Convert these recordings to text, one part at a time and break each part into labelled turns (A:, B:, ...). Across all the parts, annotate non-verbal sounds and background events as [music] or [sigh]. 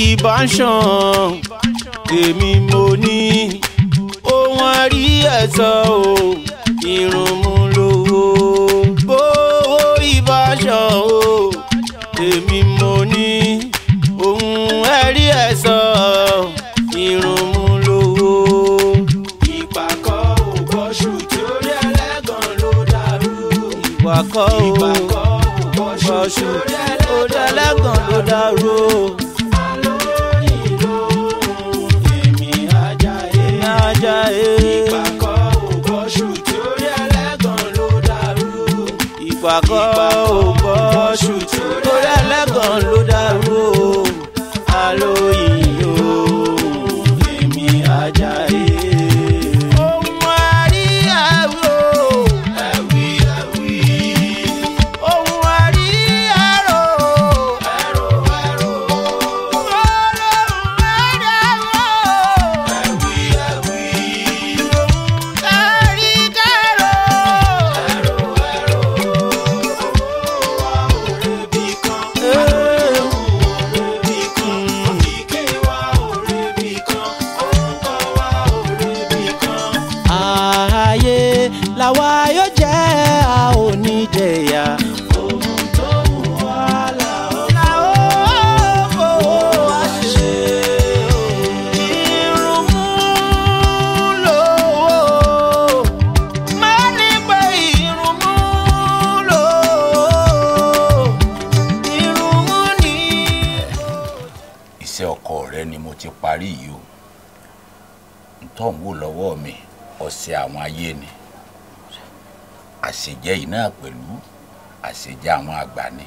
A: ìbá ṣàn èmi mo ní ohun àrí ẹ̀sọ́ o irun mú lówó bówó ìbá ṣàn o èmi mo ní ohun ẹ̀rí ẹ̀sọ́ irun mú lówó. ò bọ́ṣù ó rí ló dàrú. ìgbà kan
B: iṣẹ́ ọkọ rẹ ni mo ti parí yìí o ntọ́ ń wò lọ́wọ́ mi ọ̀sẹ̀ àwọn ayé ni àṣejẹ́ yìí náà pẹ̀lú àṣejẹ́ àwọn àgbà ni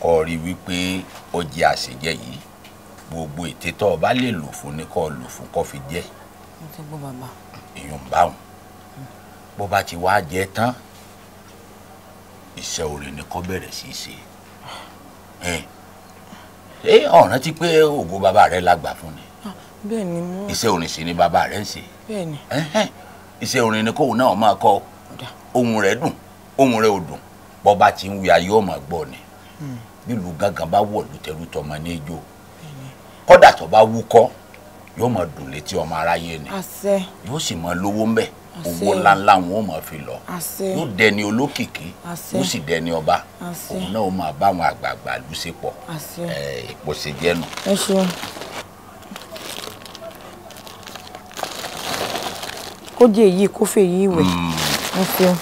B: kọ́ rí wípé ó jẹ́ àṣejẹ́ yìí gbogbo ète tó o bá lè lò fún ni kọ́ lò fún kọ́ fi jẹ́ èèyàn ń báwọn bó bá ti wá jẹ tán iṣẹ́ orin ni kọ́ bẹ̀rẹ̀ sí í ṣe ṣé ọ̀ràn ti pé ògo bàbá rẹ la gbà fún ni.
C: Ah, bẹ́ẹ̀ ni mo.
B: iṣẹ́ orin sì ni bàbá rẹ ń ṣe. bẹ́ẹ̀ ni. iṣẹ́ orin ni kóun náà máa kọ ohun rẹ dùn ohun rẹ ò dùn bọ́ bá ti ń wí ayé ọmọ gbọ́ ni hmm. bílù gángan bá wọ̀ lùtẹ̀lùtọ̀ ọmọ ní ijó kọ́dà tó bá wúkọ́ yóò máa dùn létí ọmọ aráyé ni yóò sì máa lówó ń bẹ́ẹ̀ owó ńláńlá wọn ò mọ̀ fi lọ yóò dẹni olókìkí yóò sì dẹni ọba òun náà ó máa bá àwọn àgbààgbà lù ṣe pọ̀ ìpòsèjẹ́ nù.
C: ẹ ṣeun kó jẹ èyí kó fè yí ìwẹ̀ hmm. ẹ ṣeun.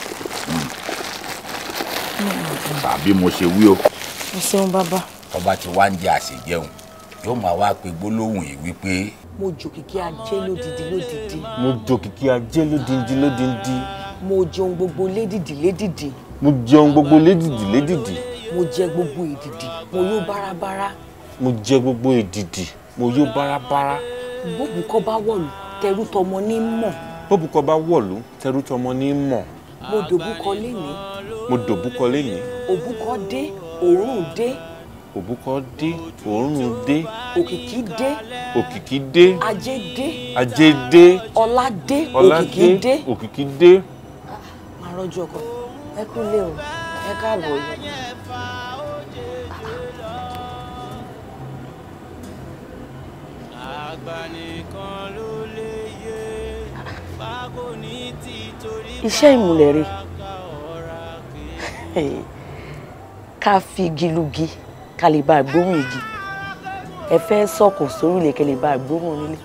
C: Hmm.
B: tàbí mo ṣe wí o. ẹ ṣeun bàbá. ọba ti wá ń jẹ àṣejẹun yóò máa wá pe gbólóhùn yìí wípé
D: mo jòkìkí ajé lódìdí lódìdí.
B: mo
E: jòkìkí ajé lódìdí lódìdí.
D: mo jẹun gbogbo lédìdí lédìdí.
E: mo jẹun gbogbo lédìdí lédìdí.
D: mo jẹ gbogbo èdìdí mo yó bárabára.
E: mo jẹ gbogbo èdìdí mo yó bárabára. bóbù kọ́ bá wọ̀lú tẹrú tọmọ ní mọ̀. bóbù kọ́ bá wọ̀lú tẹrú tọmọ ní mọ̀.
D: mo dòbúkọ lénìí.
E: mo dòbúkọ lénìí.
D: òbúkọ dé òórùn dé
E: òbúkọ dé òórùn dé
D: òkìkí dé
E: òkìkí dé ajé dé ajé dé
D: ọlá dé òkìkí dé
E: òkìkí dé.
F: máa rọjò ọkọ ẹ kú lé o ẹ káàbọ̀ yìí.
A: àgbànìkan ló lè yé bákò ní
D: iṣẹ́ ìmùlẹ̀ rẹ̀ [laughs] ká fi gilugi kàlíbà gbóhùn igi ẹ fẹ́ sọ̀kò sórílẹ̀ kẹlẹ̀bà gbóhùn nílé.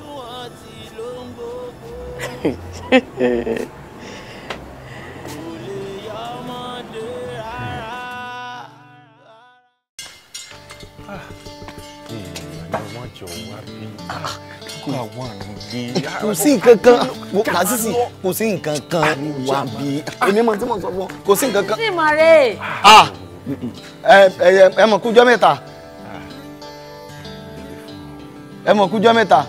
G: kò sí nǹkan kan lásìsì kò sí nǹkan kan wà bí èmi mọ̀ tí mo sọ fún ọ kò sí nǹkan kan. sí mọ̀ rẹ̀ ẹ mọ̀ kújọ́ mẹ́ta ẹ mọ̀ kújọ́ mẹ́ta.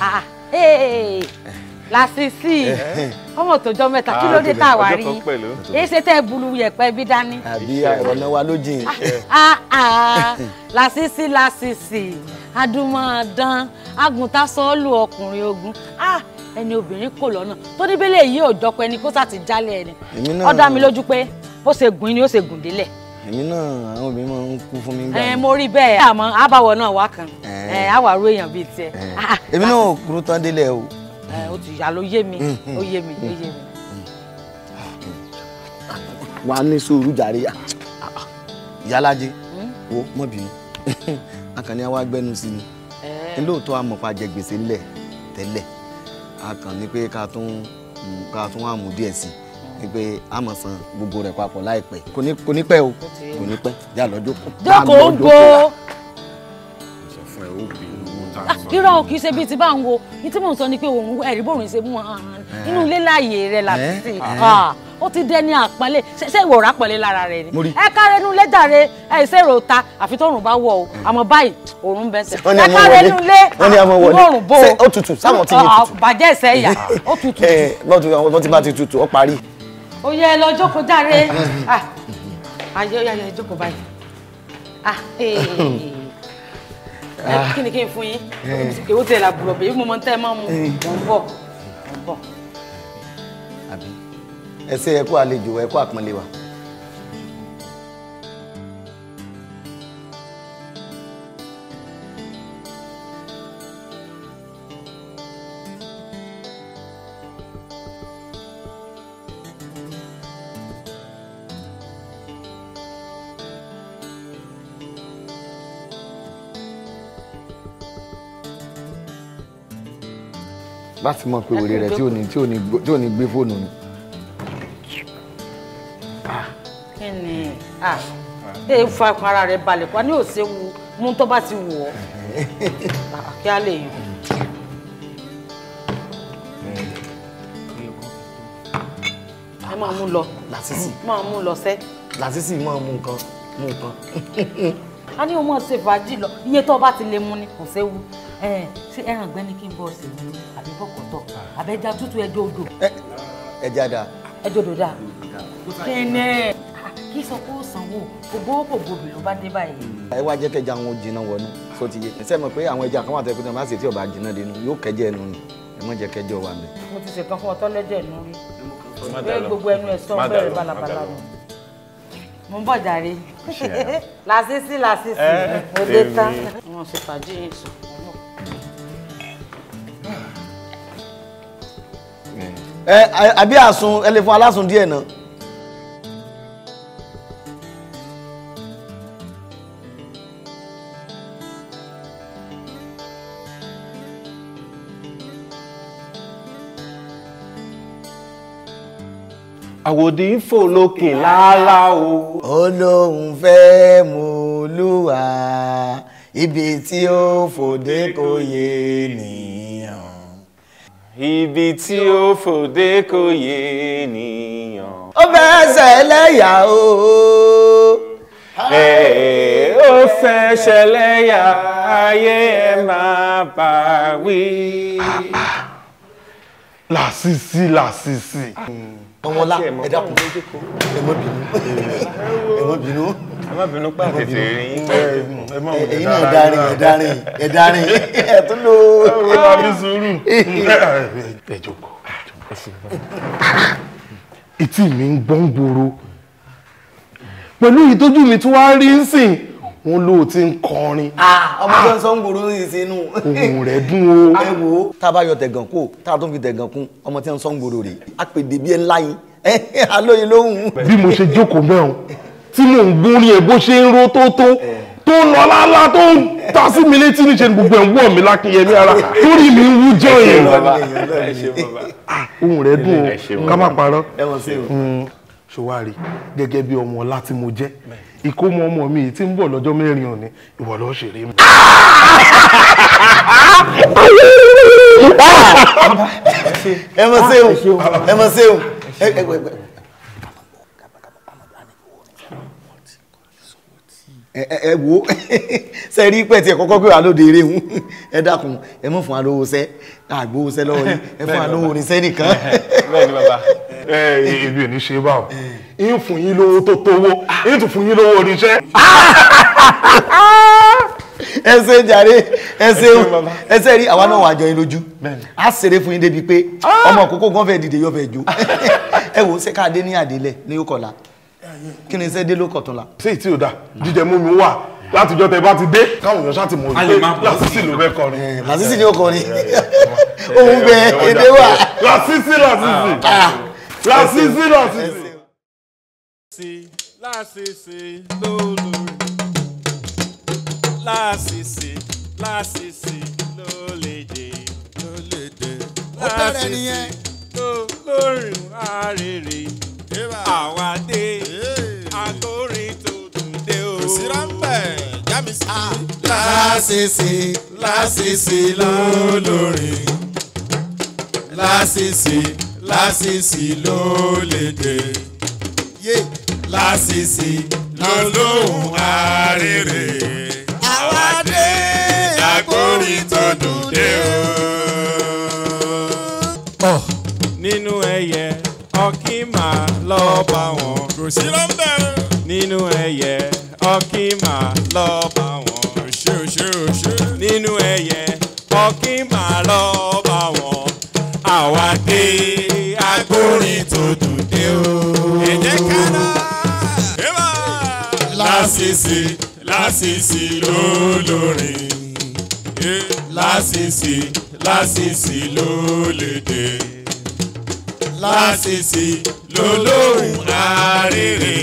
F: Ah, ah, lásìsì ọmọ tòjọ́ mẹ́ta kí ló dé tá a wà rí èyí ṣe tẹ́ bulu yẹ̀pẹ̀ bí dání.
G: àbí ọ̀nà wa ló jìn.
F: Ah, lásìsì lásìsì adúmọ̀dán agùntàn sọ́ọ́lù ọkùnrin ogun. Ah, ẹni obìnrin kò lọ́nà tó níbẹ̀lẹ̀ yìí ò jọpọ̀ ẹni kó sàti jálẹ̀
G: ẹni ó dá mi lójú
F: pé bó ṣe gùn ni ó ṣe gùn délẹ̀.
G: èmi náà àwọn obìnrin máa ń kú fún mi gbà. ẹ
F: mo rí bẹ́ẹ̀ àmọ́ àbáwọ náà wá kan ẹ àwàrú èèyàn bíi tiẹ̀.
G: èmi náà kúrú tán délẹ̀ o.
F: ẹ o ti yà ló yé mi mm-hmm.
G: ó yé mi ó yé mi. wàá ní sùúrù jàre ìyálájẹ
A: hmm? wo
G: mọ bínú [laughs] akànni àwa gbẹnu sí
A: ni lóòótọ́
G: àmọ̀pá jẹ gbèsè ńlẹ̀ tẹ́lẹ̀ a kàn ní pé ká tún ká tún wá mú díẹ̀ sí ni pé a mọ̀ san gbogbo rẹ̀ papọ̀ láìpẹ́ kò ní pẹ́ o kò ní pẹ́ yà lọ jókòó. jókòó ń bo.
F: irọ́ o kì í ṣe bíi ti bá ń wo ní tí mò ń sọ ni pé òun ẹ̀rí bòrùn ṣe mú wọn inú ilé láàyè rẹ̀ làbí sí i ó ti dẹni àpọ́nlé ṣe ìwọ ọ̀rá pọ̀lẹ́ lára rẹ ni ẹ káre nu lé jàre ẹ ṣe èrò ta àfi tóòrùn bá wọ̀ o àmọ́ báyìí òòrùn bẹ́sẹ̀ ẹ káre nu lé òòrùn bó o
G: òtútù sáwọn ti yé tutù
F: bàjẹ́ ìṣẹ́ ìyà òtútù. [laughs] ẹ
G: lọ́tù àwọn tó ti bá ti tutù ó parí.
F: ó yẹ ẹ lọ jókòó jàre ayé ó yà yà jókòó báyìí ah,
G: ah.
C: kí ni kí
F: n fún yín èwo tẹ̀ làbùrọ̀ bẹ́ẹ̀ mo mọ̀ ń tẹ́ ẹ máa mu bọ̀ bọ̀
G: ẹ ṣé ẹ kú àlejò ẹ kú àpọ́nlé wa. láti mọ̀ pé wèrè rẹ̀
H: tí ò ní gbé fóònù ni.
F: Ah, ẹ fa ikun ara rẹ balẹ̀ pa ní òṣèwù mú tó bá ti wù ọ́ ah, kí á lè yàn. ẹ máa mú
G: lọ làṣìṣì
F: máa mú lọ sẹ́.
G: làṣìṣì
D: máa mú nǹkan mú nǹkan.
F: a ní o mọ̀ ṣe fàájì lọ iye tó o bá ti lè mu ni kò séwu ṣé ẹran gbẹ́ni kí n bọ̀ ṣe mú àbí bọ̀kọ̀tọ̀ àbẹ́jà tútù ẹjọ́ odò. ẹja da. ẹjọ́ odò da. kí ni kí sọ pé ó sanwó kò gbówó kò gbòbì ló bá dé báyìí.
G: ẹ wá jẹ́ kẹja àwọn òjìnà wọnú tó ti yé ẹsẹ̀ mọ̀ pé àwọn ẹja kan wà tẹ́kùtà má sì tí ọba jìnà dénú yóò kẹjẹ ẹnu ni ẹ mọ̀ jẹ́ kẹjọ wà mẹ́.
F: mo ti ṣèkan fún ọtọ́ lẹ́jẹ̀ nù rí bẹ́ẹ̀ gbogbo ẹnu ẹ̀ sọ bẹ́ẹ̀ balabala nù. mo ń bọ̀ jàre làṣìṣì [laughs] làṣìṣì mo dé tán. wọn ṣe fàájì yìí
G: sùn. ẹ àbí àsun ẹ lè fún alásùn díẹ̀ náà. àwòdì ń fò lókè lálá o. ó lóun fẹ́ mú lúwa ibi tí ó fòdé kò yé nìyàn. ibi tí ó
E: fòdé kò yé nìyàn.
A: ó fẹsẹ̀ lẹ́yà o. ó fẹsẹ̀ lẹ́yà ayé
E: ẹ̀ máa bá wí. Ah, ah.
I: làṣìṣì
J: làṣìṣì.
E: Mm ọmọlá ẹ dákun ẹ má bínú
K: ẹ má bínú ẹ má bínú pé àtẹ̀tẹ̀ rí ẹ̀yin náà dárin ẹ dárin
G: ẹ dárin ẹ tún lò ó. ẹ bá mi sùúrù.
K: ẹ jókòó etí mi ń gbọ́n gbòòrò pẹ̀lú ìtọ́jú mi tí wàá rí ń sìn wọn ló ti ń kọrin.
G: ọmọ tó ń sọ ń gbòòrò yìí sínú. ohun rẹ̀ dùn o. [laughs] ẹ wo tá a bá yọ tẹ̀gàn kó tá a tó ń fi tẹ̀gàn kún ọmọ tí ń sọ ń gbòòrò rè á pè débi ẹ ńlá yín [laughs] alóyin lóhùn. bí mo ṣe jókòó mẹ́rin tí mò ń gún ní ẹ bó ṣe ń ro tó tó tó ń lọ lálá tó ń ta sí mi létí níṣẹ́
K: ni gbogbo ẹ̀ ń wọ̀ mí lákìyẹmí ara torí mi ń wú jọ yẹn. Ah, ohun rẹ̀ dùn o ká má parọ́ mm. ṣòwárí gẹ́gẹ́ bí ọmọ ọlá mo jẹ́ ìkómọ ọmọ mi tí ń bọ̀ lọ́jọ́ mẹ́rin òní ìwọ ló ṣeré mi.
G: ẹ mọ̀ ṣeun ẹ mọ̀ ṣeun. ẹ wo ṣe rí pẹ̀ tí ẹ kọ́kọ́ pé wà lóde eré hun ẹ dákun ẹ mọ̀ fún wa lówó sẹ́ àgbówó sẹ́ lọ́wọ́ yìí ẹ fún wa lówó oníṣẹ́ nìkan. [laughs] bẹ́ẹ̀ ni bàbá ẹ ibi ò ní ṣe báwo ń fún yín lówó tó tówó ń tún fún yín lówó oníṣẹ́. [laughs] ẹ ṣe jàre ẹ ṣe ẹ ṣe rí àwa náà wà jọ yín lójú a ṣeré fún yín débi pé ah! ọmọ kókó gan fẹ́ dìde yọ fẹ́ jó [laughs] ẹ wò ó ṣe káàdé ní àdélẹ̀ ní yóò kí ni iṣẹ́ dé ló kọ̀tún la. ṣé ìtì ò da jíjẹ mú mi wà látijọ́ tẹ bá ti dé káwọn èèyàn ṣáà ti mọ̀ wípé lásìsì ló fẹ́ kọrin. Eh, lásìsì ni ó kọrin òun eh, eh, [laughs] bẹ èdè wà. lásìsì lásìsì ah, ah. lásìsì lásìsì. lásìsì
I: lólórí lásìsì lásìsì lólédè lólédè lásìsì lólórí àrèrè. lásìsì lásìsì lólórin lásìsì lásìsì lólédè lásìsì lọ́lọ́hùn arére àwa dé àgbórí tó dùn dé o. nínú ẹyẹ ọkì máa lọ bá wọn. kò sí lọ́nbẹ̀rẹ̀. nínú ẹyẹ ọkì máa lọ bá wọn ṣoṣoṣo nínú ẹyẹ ọkìn máa lọ bá wọn àwa dé agbórin tó dùn dé o. ẹ jẹ́ ká lọ. lásìsì lásìsì ló lórin lásìsì lásìsì ló lédè lásìsì ló lóhùn arére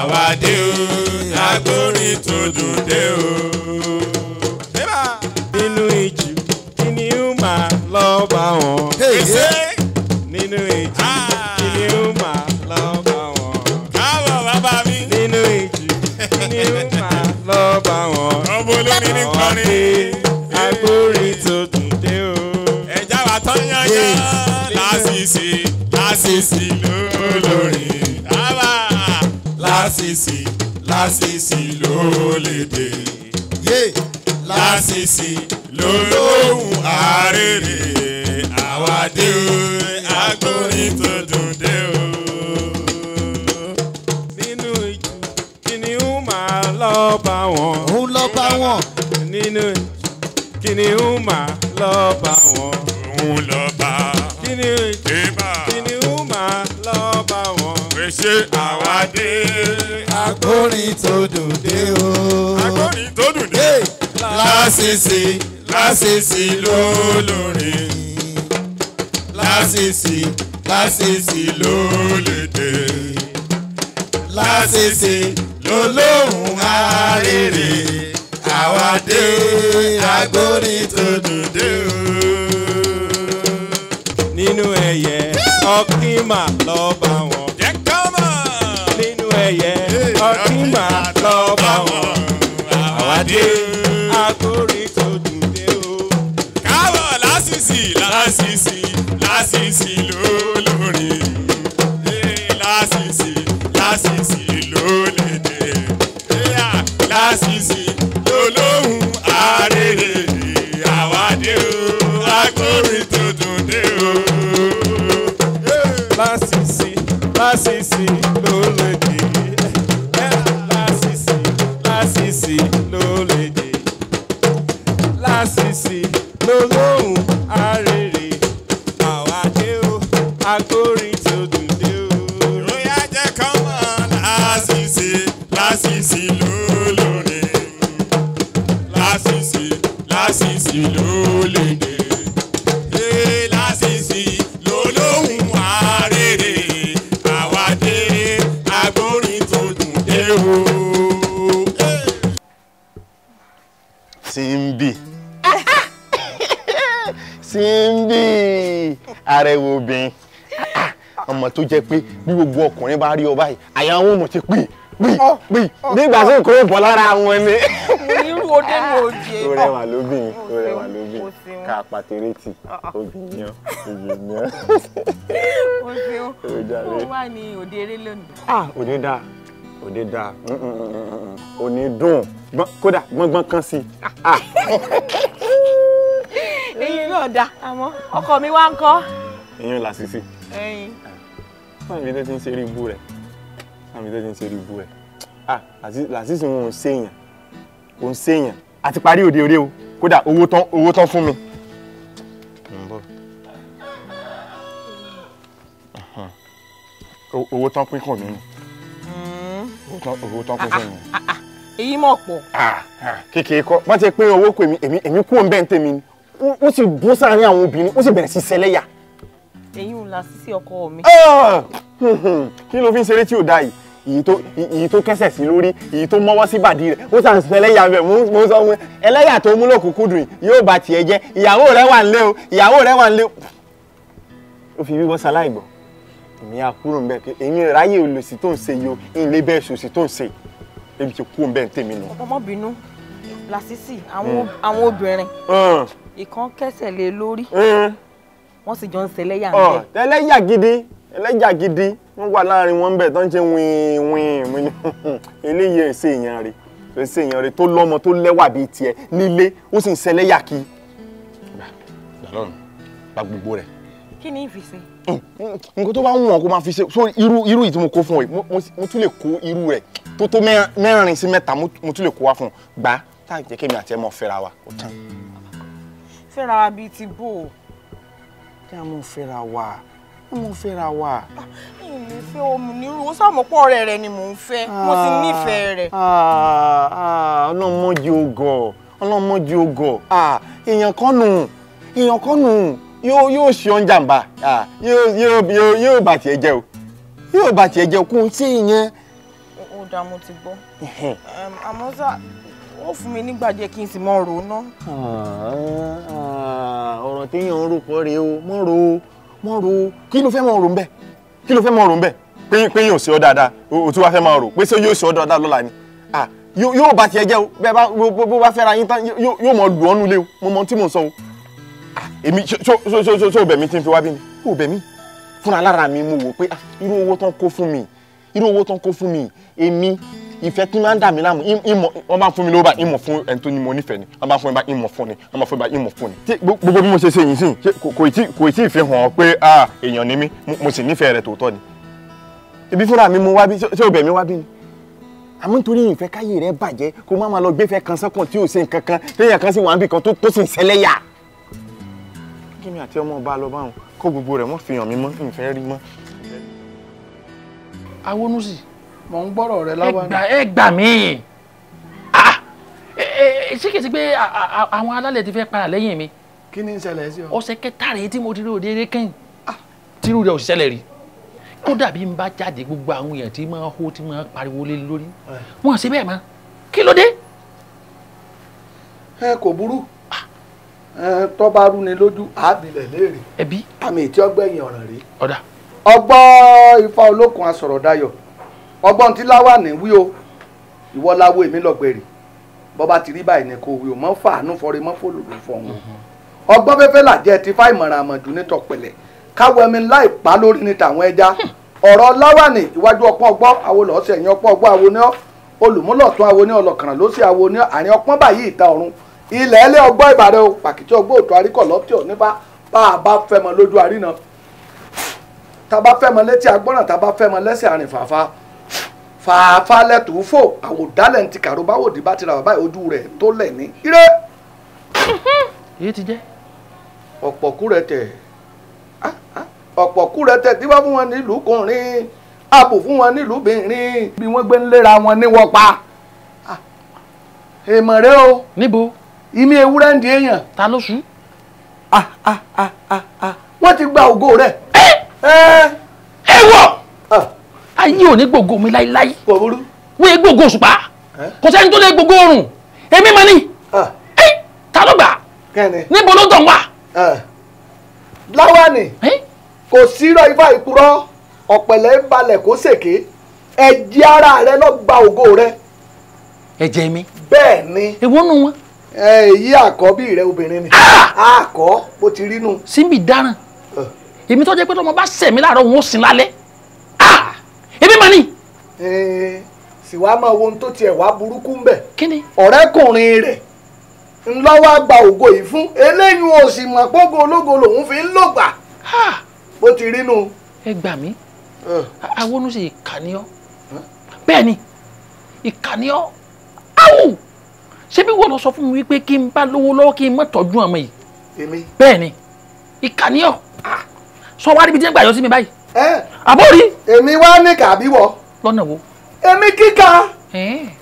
I: àwa dé o lágbórin tó dùn dé o. nínú ìjì kí ni ó máa lọ bá wọn. nínú ìjì ah! kí ni ó máa lọ bá wọn. káwọ̀ bàbá mi. nínú ìjì kí ni ó máa lọ bá wọn. ọmọ olórin ní kọrin. agbórin tó dùn dé o. ẹ̀já wa tán yányán lásìsì lásìsì lólórin lásìsì lásìsì ló lè dé. lásìsì ló lóhùn àárèrè àwádé o agbórin tó dùn dé o. nínú ìjì kìnìún máa lọ bá wọn. òun lọ bá wọn. nínú Ni kìnìún máa lọ bá wọn. òun lọ bá. kìnìún ṣe àwa dé. Agbórin tó dùn dé o. Agbórin tó dùn dé. Lásìsì lásìsì lólórin. Lásìsì lásìsì lólédè. Lásìsì lólóhùn arére. Àwa dé agbórin tó dùn dé o. Nínú ẹyẹ ọkìmà lọ́ba. bá wọn àwádé àkórí tó dùn dé o. káwọ̀ lásìsì lásìsì lásìsì lólórin lásìsì lásìsì lólédè lásìsì lólóhùn arére àwádé o àkórí tó dùn dé o. lásìsì lásìsì lólédè. lásìsì ló lè dé lásìsì ló lóhùn arèrè àwa dé o akórin tó dùn dé o. ìròyìn ajẹ́ kan mọ́ lásìsì lásìsì ló lónìí lásìsì lásìsì ló lè
J: arẹwò obìnrin ah, ah, ọmọ tó jẹ́ pé bí gbogbo ọkùnrin bá rí ọ báyìí àyà wọn mọ̀ ti pè pè
C: pè nígbà tó kúrò bọ̀ lára wọn ni. irú odé ni òjì.
J: ó rẹwà lóbìnrin ó rẹwà lóbìnrin ká pàtẹ́rẹ́ tì obìnrin obìnrin. o ṣeun o
C: wà ní òde eré lónìí.
J: ah òde dáa òde da òní dùn kódà gbọ́ngbọ́n kan sí.
C: èyí ah, náà dá àmọ́ ọkọ mi wá ń kọ́
J: èèyàn làṣìṣì. ẹyin. láàmì tó ti ń ṣeré ibú rẹ̀ láàmì tó ti ń ṣeré ibú rẹ̀ ah làṣìṣì wọn ò ń ṣèyàn ò ń ṣèyàn àti parí òde òde o kódà owó tán owó tán fún mi. owó tán pín kàn mí ni hmm. owó tán pín fún mi. Ah, ah, ah,
C: èyí mọ̀ pọ̀.
J: kékeré kọ́ wọ́n ti pín owó pè mí èmi kú òun bẹ́ẹ̀ ń tèmi ni ó sì bú sáàárín àwọn obìnrin ó sì bẹ̀rẹ̀ sí ṣẹlẹ́yà
L: ẹ̀yin ò lásìsí ọkọ mi.
J: Ah! [laughs] kí ló fi ń ṣeré tí ò da yìí èyí tó kẹsẹ̀ sí lórí èyí to mọ́wọ́ sí bàdí rẹ̀ ó sàn sẹ ẹlẹ́yà bẹ̀ mo sọ wọn ẹlẹ́yà tó mú lòkùnkùn dùn yóò bá tiẹ̀ jẹ́ ìyàwó rẹ̀ wà nílé o ìyàwó rẹ̀ wà nílé o. ó fi wíwọ́ sáláì gbọ́ èmi á kúrò ń bẹ́ẹ̀ pé èyí ráyè olùsí tó ń ṣe yìí o ìlé bẹ́ẹ̀ sòsì tó ń ṣe èmi ti kú bẹ́ẹ̀ tèmi nù.
C: ọmọ bínú làṣìṣì àwọn hmm. obìnrin
J: hmm.
F: ìkan kẹsẹ̀ lé lórí hmm wọ́n sì jọ ń ṣẹlẹ́yà
C: ń bẹ̀.
J: ẹlẹ́yà gidi ẹlẹ́yà gidi wọ́n wà láàrin wọn bẹ̀ tó [laughs] ń ṣe wíìn wíìn wíìn eléyìí ẹ̀ ṣe èèyàn rẹ̀ ẹ̀ ṣe èèyàn rẹ̀ tó lọ́mọ tó lẹ́wà bíi tiẹ̀ nílé ó sì ń ṣẹlẹ́yà kí. gbàlọ́run gba gbogbo rẹ̀. kí ni ìfisìn mm, nǹkan tó bá ń wọ̀n kó máa fi ṣe so irú irú yìí tí mo kó fún ọ yìí mo tún lè kó irú rẹ̀ tó tó mẹ́rin sí mẹ́ta mo tún lè kó wá fún un gbà tá à ń jẹ́ kémi àti ẹ mọ̀ fẹ́ra wa.
C: fẹ́ra wa bíi ti bò ó kí a mọ̀ fẹ́ra wa kí a mọ̀ fẹ́ra wa. èmi ah, fẹ́ omi nírú ó sàmọ́pọ̀ ọ̀rẹ́ rẹ ni mò ń fẹ́ mo ti ah, nífẹ̀ẹ́
J: rẹ̀. ọlọ́mọdé ogọ̀ ọlọ́mọdé ogọ̀ èèyàn kan nù èèyàn kan nù yóò yóò ṣe ọ́n jàǹbá ah, yóò bà tiẹ̀ jẹ́ o yóò bà tiẹ̀ jẹ́ o kún sí ìyẹn.
C: ó dáa ti gbọ́ àmọ́ sá wọ́n fún mi nígbà jẹ́ kí n sì mọ rò ná. Ah,
J: ọ̀rọ̀ téèyàn ń rò rèé o mọ̀ rò o mọ̀ rò o kí ló fẹ́ mọ̀ rò ń bẹ̀ kí ló fẹ́ mọ̀ rò ń bẹ̀ pé pé yóò ṣe ọ́ dáadáa o tún wá fẹ́ máa rò pé ṣé yóò ṣe ọ́ dáadáa lọ́la ni yóò bá tiẹ̀ jẹ́ o bẹ́ẹ̀ bá bó bá fẹ́ra yín tán yóò mọ lù ọ́ nulẹ̀ o mo mọ tí mò ń sọ o èmi ṣó o bẹ̀mí tí n fi wá bí mi o bẹ̀mí fúnra lára mi mo wò pé irú owó tán kó fún mi irú owó tán kó fún mi èmi ìfẹ́ tí máa ń dà mí láàmú ìmọ̀ wọ́n bá fún mi lówó bá ìmọ̀ fún ẹni tó ní mo nífẹ̀ẹ́ ni wọ́n bá fún mi bá ìmọ̀ fún ni wọ́n bá fún mi bá ìmọ̀ fún ni. gbogbo bí mo ṣe ṣe yìí sìn kò tí ì fi hàn ọ́ pé ah, èèyàn ni mí mo sì nífẹ̀ẹ́ rẹ̀ tòótọ́ ni. ibi fúnra mi mo wá bí ṣé obìnrin mi wá bí ni àmọ́ nítorí ìfẹ́ káyé rẹ̀ bàjẹ́ kó má máa lọ gbéfẹ́ kan sọ́kàn tí ò ṣe nǹkan kan téèyàn kan sì wà níbì kan tó sì ń ṣẹlẹ́yà. kí mi àti ọmọ ọba lọ báwọn kó gbogbo rẹ̀ mọ́ fi hàn mí mọ́ ìfẹ́ rí mọ́.
M: awonúsì mò ń gbọ́rọ̀ rẹ láwa ni. ẹ gbà mí ah, ṣé pé àwọn alálẹ̀ ti fẹ́ para lẹ́yìn mi. kí ni ń ṣẹlẹ̀ sí ọ. ọ̀sẹ̀ kẹta rèé tí mo ti rí òde eré kẹ́yìn ah, tírú rẹ ò ṣẹlẹ̀ rí kódà bí n bá jáde gbogbo àwọn èèyàn tí máa hó tí máa pariwo lé lórí
H: wọn ṣe bẹ́ẹ̀ mọ́ kí ló dé. ẹ kò burú tó bá rú ni lójú àbílẹ̀ léèrè ẹbí àmì ìtí ọgbẹ́yìn ọ̀ràn rèé ọ̀dà ifá olókun asọ̀rọ̀ dayọ̀ ọgbọ́n tí láwàní wí o ìwọ láwo èmi lọ́gbẹ̀rì bọ́ba ti rí báyìí ni kò wí o mọ́ fàánú fọre mọ́ fòlòlò fọ̀hún ọgbọ́n fẹ́fẹ́ làjẹ́ ti fá ìmọ̀ràn àmọ̀dù ní tọpẹlẹ̀ káwọ ẹmi láì pa lórí ní tàwọn ẹja ọ̀rọ̀ láwàní ìwájú ọpọ́n ọgbọ́ àwo lọ́sẹ̀ ẹ̀yìn ọpọ́n ọgbọ́ àwo ní olùmúlọ̀tún àwo ní ọlọ́kànràn ló sì àwo ní àárín ọpọ́n báyìí ìta ọ̀run ilẹ̀ ẹlẹ́ ọgbọ́ ìbàdàn o pàkìtì ọgbọ́ òtún àríkọ̀ lọ́tìọ̀ nípa bá a bá fẹ́ mọ lójú àrínà tá a bá fẹ́ mọ létí agbọ́nà tá a bá fẹ́ mọ lẹ́sẹ̀ àrìn fàáfàálẹ̀ tó fò àwòdálẹ̀ ti kàró báwò dì bá ti ra bàbá ojú rẹ̀ tó lẹ̀ ní. ire. èyí ti jẹ́. ọ̀pọ̀kú rẹ tẹ̀ ah, ah, ọ̀pọ̀kú rẹ tẹ̀ tí wọ́n fún wọn nílùú kùnrin ààbò fún wọn nílùú bìnrin bí wọ́n gbé ń léra wọn ní wọ́n pa. Ah, èèmọ̀ rẹ o. níbo. ìmí ewúrẹ́ ń di èèyàn. ta ló sùn. wọ́n ti gba ògo rẹ̀.
M: Eh! Eh! ẹ ẹ wọ ayé ò ní gbogbo mi láíláí wọ́n yẹ
H: gbogbo òṣùpá kò sẹ́ni tó lè gbogbo oòrùn èmi mọ ni ẹ ta ló gbà níbo ló tàn wá. láwánì kò sírọ̀ ifá ìpurọ́ ọ̀pẹ̀lẹ̀ ń balẹ̀ kó ṣèké ẹ̀jẹ̀ ara rẹ lọ gba ògo rẹ. ẹ̀jẹ̀ mi. bẹ́ẹ̀ ni. èwo nu wọn. èyí àkọ́bí rẹ obìnrin ni. àkọ́ ah! bó ti rí nu. síbi dáràn èmi tó jẹ́ pé tọmọ bá
M: sẹ̀mí láàárọ̀ òun ó sin lálẹ́ ebi mà ni. ee
H: eh, sì wá máa wo ohun tó tiẹ̀ wá burúkú ń bẹ̀. kí ni. ọ̀rẹ́kùnrin rẹ̀ ńlọ́wọ́ àgbà ògo yìí fún eléyìí ò sì mọ̀ pógo ológo lòun fi ń lògbà. bó ti rí nu. ẹ gbà mí eh. awonu sì ìkànnì ọ bẹ́ẹ̀ ni
M: ìkànnì ọ áwù ṣebí wọ́n lọ sọ fún mi wípé kí n bá lówó lọ́wọ́ kí n má tọ́jú ọmọ yìí. bẹ́ẹ̀ ni ìkànnì ọ ah! sọ wá níbi tí ń gbà yọ sí mi
H: báyìí àbórí. èmi wá ní kàbí wọ. lọ́nà wo. èmi kíka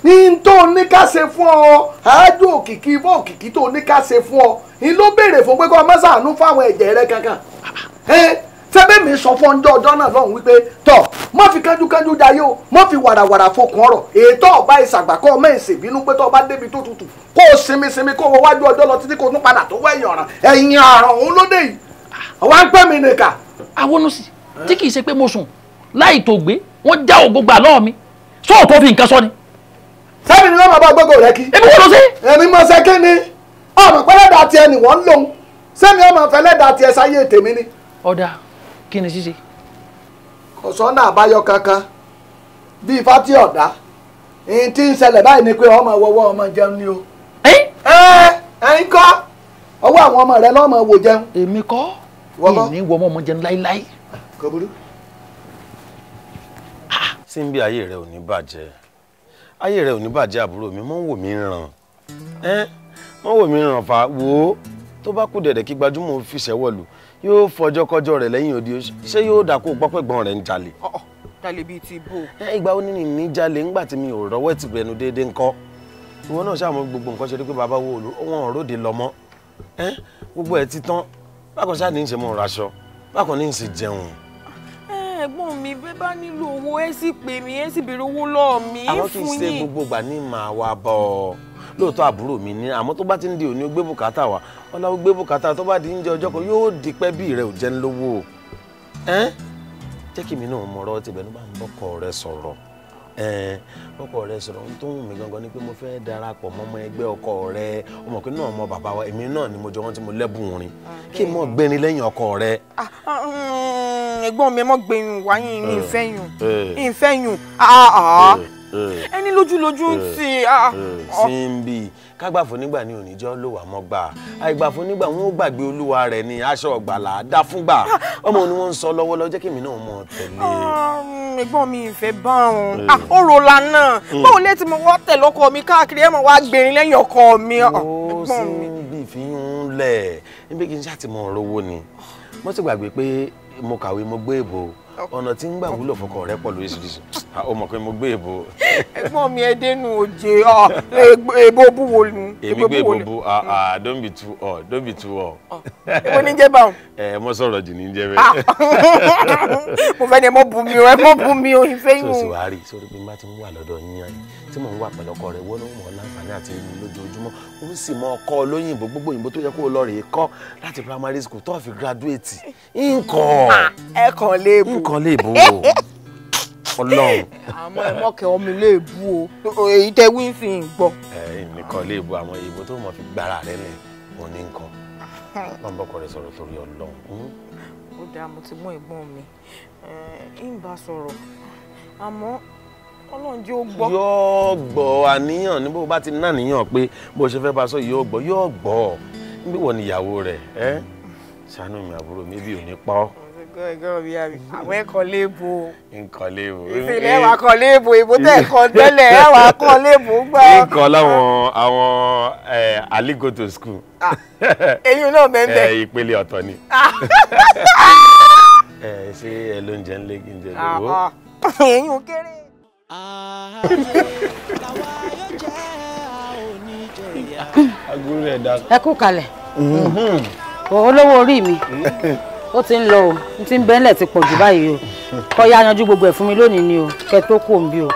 H: ní tó ní ká ṣe fún ọ àájò òkìkí bó òkìkí tó ní ká ṣe fún ọ ní ló béèrè fún pé kó ọmọ sàánú fáwọn ẹ̀jẹ̀ rẹ kankan sẹ́bẹ̀ mi sọ fún ọjọ́ ọjọ́ náà lọ́hùn wípé tọ̀ mọ́ fi kánjúkánjú dayé o mọ́ fi wàràwàrà fokùn ọ̀rọ̀ ètò ọba ìsàgbà kọ́ ọmọ ìsìn bínú pé tọ́ ọba débi tó tutù kó o sinmi sinmi kó o wájú ọjọ́ lọ títí kó o tún padà tó wẹ̀yìn ọ̀ràn ẹ̀yìn ọ̀ràn òun ló yìí àwa ń pẹ́ mi nìkà. àwọn
M: tí kì í ṣe pé mo sùn láì tó gbé wọ́n já ògo gbà lọ́ọ̀ mi sóò tó fi nǹkan sọ ni.
H: sẹ́mi ni wọ́n máa bá gbogbo rẹ kí. èmi wọ́n lọ sí. èmi mọ sẹ́kí ni ọmọ pẹ́lẹ́dà tiẹ̀ ni wọ́n ń lòun sẹ́mi ọmọ fẹ́lẹ́dà tiẹ̀ sáyé tèmi ni. ọ̀dà kí ni ṣíṣe. kò sọ́nà àbáyọ kankan bíi fati ọ̀dà ìyìn tí ń ṣẹlẹ̀ báyìí ni pé ọmọ wọwọ́ ọmọ jẹun ni o. ẹ ẹ ń kọ́ ọwọ́ àwọn ọmọ rẹ lọ́mọ wò jẹun. èmi kọ́ èmi wọ́n mọ̀ jẹun láíláí
K: kò burú. síbi ayé rẹ ò ní bàjẹ́ ayé rẹ ò ní bàjẹ́ àbúrò mi mọ́ wò mí ràn ẹ́ mọ́ wò mí ràn fà wò ó tó bá kú dẹ̀dẹ̀ kí gbajúmọ̀ fi ṣẹ́wọ̀ lù yóò fọjọ́ kọjọ́ rẹ̀ lẹ́yìn òde ṣé yóò dà kó o gbọ́ pé rẹ̀ ń jalè.
C: jalè bíi ti bò.
K: ẹ ìgbà oní ni ní jalè ńgbà tí mi ò rọwọ́ ẹ̀ tìgbẹ́ ẹnu déédéé ńkọ́ ìwọ náà ṣàmú gbogbo nǹkan ṣe rí pé bàbá wo wọn ò ròde lọ mọ́ gbogbo ẹ̀ ti tán bákan ṣáà ní í ṣe mọ́ raṣọ bákan ní í ṣe jẹun
C: ẹ̀gbọ́n mi bẹ́ẹ̀ bá nílò owó ẹ sì pè mí ẹ sì béèrè owó lọ́ọ̀ mi fún yín. àwọn kì í ṣe
K: gbogbo ìgbà ní màá wa bọ̀ ọ́ lóòótọ́ àbúrò mi ní àmọ́ tó bá ti ń di òní ó gbé bùkátà wá ọ̀la ó gbé bùkátà tó bá di ń jẹ ọjọ́ kan yóò di pẹ́ bí rẹ ò jẹ́ ń lówó jẹ́ kí mi náà mọ̀ ọ́rọ́ tìbẹ̀ ló bá ń bọ́kọ̀ rẹ sọ̀rọ̀ ọkọ rẹ sọ̀rọ̀ ohun tó wù mí gangan ni pé mo fẹ́ darapọ̀ mọ́mọ́ ẹgbẹ́ ọkọ rẹ o mọ̀ pé náà mọ bàbá wa èmi náà ni mo jọ wọn tí mo lẹ́bùn rin kí n mọ̀ gbẹ́rin lẹ́yìn ọkọ rẹ.
A: Ah, ah, mm,
C: ẹ̀gbọ́n mi ẹ mọ̀ gbẹ̀yìn wáyé ní ìfẹ́yùn eh, ìfẹ́yùn eh. ah, eh, ẹni lójúlójú ń ti. sí
K: ń bì í kágbàfọ́ nígbà ní oníjọ́ ló wà mọ́ gbà àìgbàfọ́ nígbà wọn ó gbàgbé olúwa rẹ̀ ní aṣọ ọ̀gbàlà dá fúngbà ọmọ ni wọ́n ń sọ lọ́wọ́lọ́wọ́ jẹ́ kí èmi náà mọ̀ tẹ̀lé.
C: ẹ̀gbọ́n mi ìfẹ́ bá wọn hmm. ó rola hmm. báwo lè ti mọ wọ́n tẹ̀ lọ́kọ mi káàkiri ẹ̀ mọ̀ wá gbèrín lẹ́yìn ọkọ mi. ó sì ń
K: bì fi ń lẹ̀ kí n ṣàtìmọ̀ ọ̀rọ̀ owó ni mo sì gbàgbé pé mo kàwé mo gbé èbò ọ̀nà tí ń gbà wúlò fọkàn rẹ pọ̀ lóríṣiríṣi ó mọ̀ pé mo gbé èbó.
C: ẹ̀gbọ́n mi ẹ dénú òjè èbó búwo nu. èmi gbé èbó
K: bú ah, ah, don't be too hot don't be too hot. Ah, èbó ní jẹ́ báwọn. ẹ mo sọ̀rọ̀ jù ní jẹ́
C: bẹ́ẹ̀. [laughs] mo fẹ́ ni ẹ mọ bu mi o ẹ mọ bu mi o ìfẹ́ yìí. sọ̀sì
K: wàá rí pé bá ti ń wà lọ́dọ̀ yín tí mò ń wà pẹ̀lọ́kọ rẹ̀ wọ́n ló mọ̀ láǹfààní àti ẹni lójoojúmọ́ ó sì mọ ọkọ olóyìnbó gbogbo òyìnbó tó yẹ kó lọ rèé kọ́ láti primary school tó fi graduate. nǹkan. ẹ kàn lè e bù kan lè bú o Ọlọ́run.
C: àmọ́ ẹ mọkẹ ọmọ ilé ìbú o èyí tẹ wíńsìn gbọ́. ẹ
K: nìkan lè bú àwọn èèbó
C: tó mọ fi gbára rẹ lẹ
K: òní nǹkan wọn bọkọ rẹ sọ̀rọ̀ torí Ọlọ́run. Hmm?
C: ó dáa mo ti mú ẹ̀gbọ́n mi ń bá sọ̀rọ̀ àmọ́ Ọlọ́run jẹ́ ó gbọ́. yóò
K: gbọ́ àníyàn ní bó bá ti náníyàn pé bó ṣe fẹ́ bá sọ yóò gbọ́ yóò gbọ́ níbí wọ níyàwó rẹ̀ ẹ́ ṣàánú mi àbúrò mi bí ò ní pa ọ́.
C: gọ́ọ̀bí àbí àwọn ẹ̀kọ́ léèbù o.
K: léèbù. ìfìlẹ̀ wà kọ́
C: léèbù ìbò tẹ̀ kọ́ tẹ́lẹ̀ ẹ̀ wà léèbù gbọ́.
K: láwọn àwọn aligoto school. Ah,
C: [laughs] eyín náà mẹ́mbẹ́. Eh,
K: ìpele ọ̀tọ̀ ni.
C: Ah. [laughs]
K: Eh, ṣé ẹ ló
F: ó ti ń lọ o n ti ń bẹ́ńlẹ̀ ti pọ̀ jù báyìí o kọ́ ya yanjú gbogbo ẹ̀ fún mi lónìí ni o kẹ tó kù òun bí o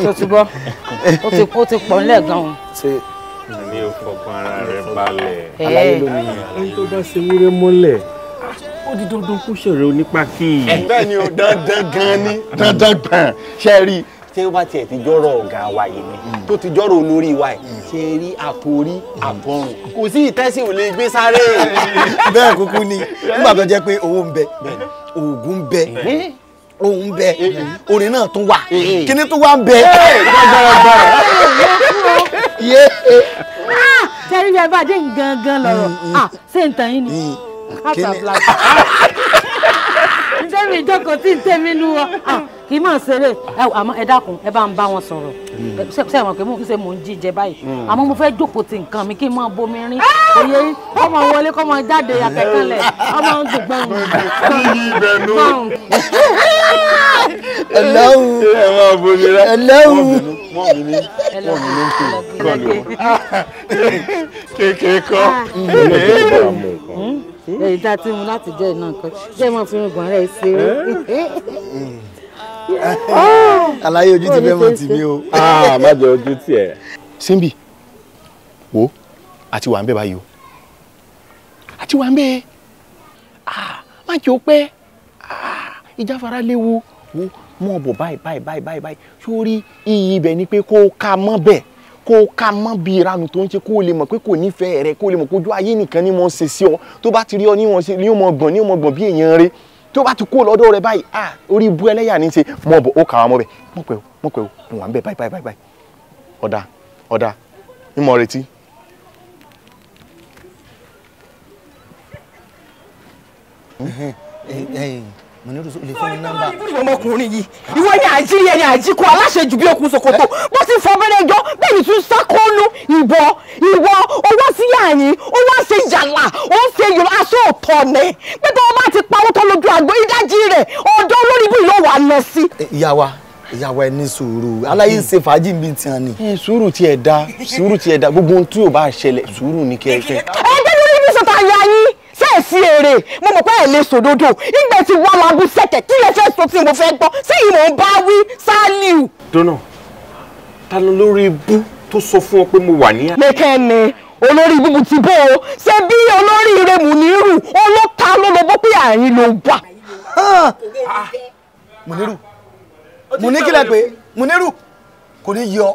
F: tó ti bọ́ ó ti pọ̀ nílẹ̀ gan-an.
E: mi ò fọkàn ara rẹ balẹ̀. aláyé ló ní tó bá ṣe wúré mọ́lẹ̀ ó di dandan kó ṣèrè onípa kí. bẹ́ẹ̀ ni o dandan gan ni dandan gbọ̀n ṣe rí i ṣé wá tiẹ̀ ti jọ́rọ̀ ọ̀gá
J: wa yìí ni hmm. tó ti jọ́rọ̀ olórí wa yìí hmm. ṣe rí àkórí àkọrùn kò sí ìtẹ́sí ò lè
D: gbé sáré.
G: bẹ́ẹ̀ kúkú ni nígbà tó jẹ́ pé owó ń bẹ oògùn ń bẹ ohun bẹ orin náà tún wà kíní tún wà ń bẹ. jẹ́rí ah, bí ẹ bá dé gangan lọ́rọ̀
F: hmm, ah, ṣé n tàn yín ni kátà black. ǹjẹ́ mi ìjọkọ̀ tí ń tẹ̀mí nu wọn. Ah, kì í mọ̀ ṣeré ẹ àmọ́ ẹ dákun ẹ bá ń bá wọn sọ̀rọ̀ sẹ́wọ̀n hmm. pé mo ń ṣe mò ń jíjẹ báyìí hmm. àmọ́ mo fẹ́ jókòó ti nǹkan mi kí n máa bomi rin ah! òye ọmọ wọlé kọ́ máa jáde àtẹ̀kálẹ̀ ọmọ ń dùgbọ́n mi.
A: ẹlẹ́wù ẹlẹ́wù kékeré kọ́
F: èyí tá a ti mú láti jẹ́ iná nǹkan jẹ́ mọ́ fi rògbòn rẹ̀ ṣe
G: é. Eh? [laughs]
F: Ah!
E: aláyé ojú ti fẹ́ mọ̀ tì
G: mí o. Ah,
E: má jẹ ojú tiẹ̀.
J: Simbi wo àti wà ń bẹ báyìí o
M: àti wà ń bẹ ah, má jẹ́ o pẹ́
J: ìjáfara léwu wo mọ̀ bọ̀ báyìí báyìí báyìí báyìí sórí iyì ibẹ̀ ni pé kó o ka mọ́ bẹ́ẹ̀ kó o ká mọ́ bí ìranù tó ń ṣe kó o lè mọ̀ pé kò nífẹ̀ẹ́ rẹ kó o lè mọ̀ kójú ayé nìkan ni mo ń ṣe sí ọ tó bá ti rí ọ ní wọn ṣe ní ọmọ gbọ̀n ní ọmọ gbọ̀n bí èèyàn rẹ tó bá ti kó lọ́dọ̀ rẹ báyìí ah orí ibú ẹlẹ́yà ní í ṣe mọ̀ bọ̀ ó kà wá mọ́ bẹ̀ mọ̀ pẹ́ o mọ̀ pẹ́ o mo wà ń bẹ̀ báyìí báyìí báyìí ọ̀dà ọ̀dà ìmọ̀ retí.
G: mo ní rúṣọ olè fún mi nọ́mbà. ọmọkùnrin
C: yìí
D: ìwọ ni àjírí ẹni àjíkọ aláṣejù bí okùn ṣòkòtò bó ti fọ bẹ́rẹ̀ jọ bẹ́ẹ̀ ni tún sákónú ìbọ ìwọ owó sí yàyín owó ṣe yàlà ó ṣe yòlá aṣọ òtọ ni pé ti pawó tó lójú àgbo ìdájí rẹ̀ ọ̀dọ́ olórí ibú yóò wà lọ sí.
G: Eh, ìyá wa ìyá wa ẹ ní sùúrù aláyé ń ṣe fàájì bíi tiẹ̀ ni. sùúrù tiẹ̀ da sùúrù tiẹ̀ da gbogbo ohun tí yóò bá ṣẹlẹ̀ sùúrù ni kẹ́ ẹ fẹ́. ẹ
D: jẹ́ lórí ibi sọ̀tà ayé ayé sẹ́ẹ̀sì èrè mo mọ̀ pé ẹ̀ lè sòdodo ìgbẹ́ ti wá labu sẹ̀kẹ̀ kí lè fẹ́ sọ tí mo fẹ́ gbọ́ sí ìmọ̀ ń bá wí sáálíù. dọ́nà ta
E: ló lórí ibú tó sọ fún ọ pé mo wà ní.
D: lẹ́kẹ́ ni olórí ibùbù ti bó o ṣé bí olórí ire mùnírù ọlọ́ta ló lọ bó pé àyín ló wà.
G: mùnírù
A: ah! mùníkìlẹ̀
G: ah! kò ní yọ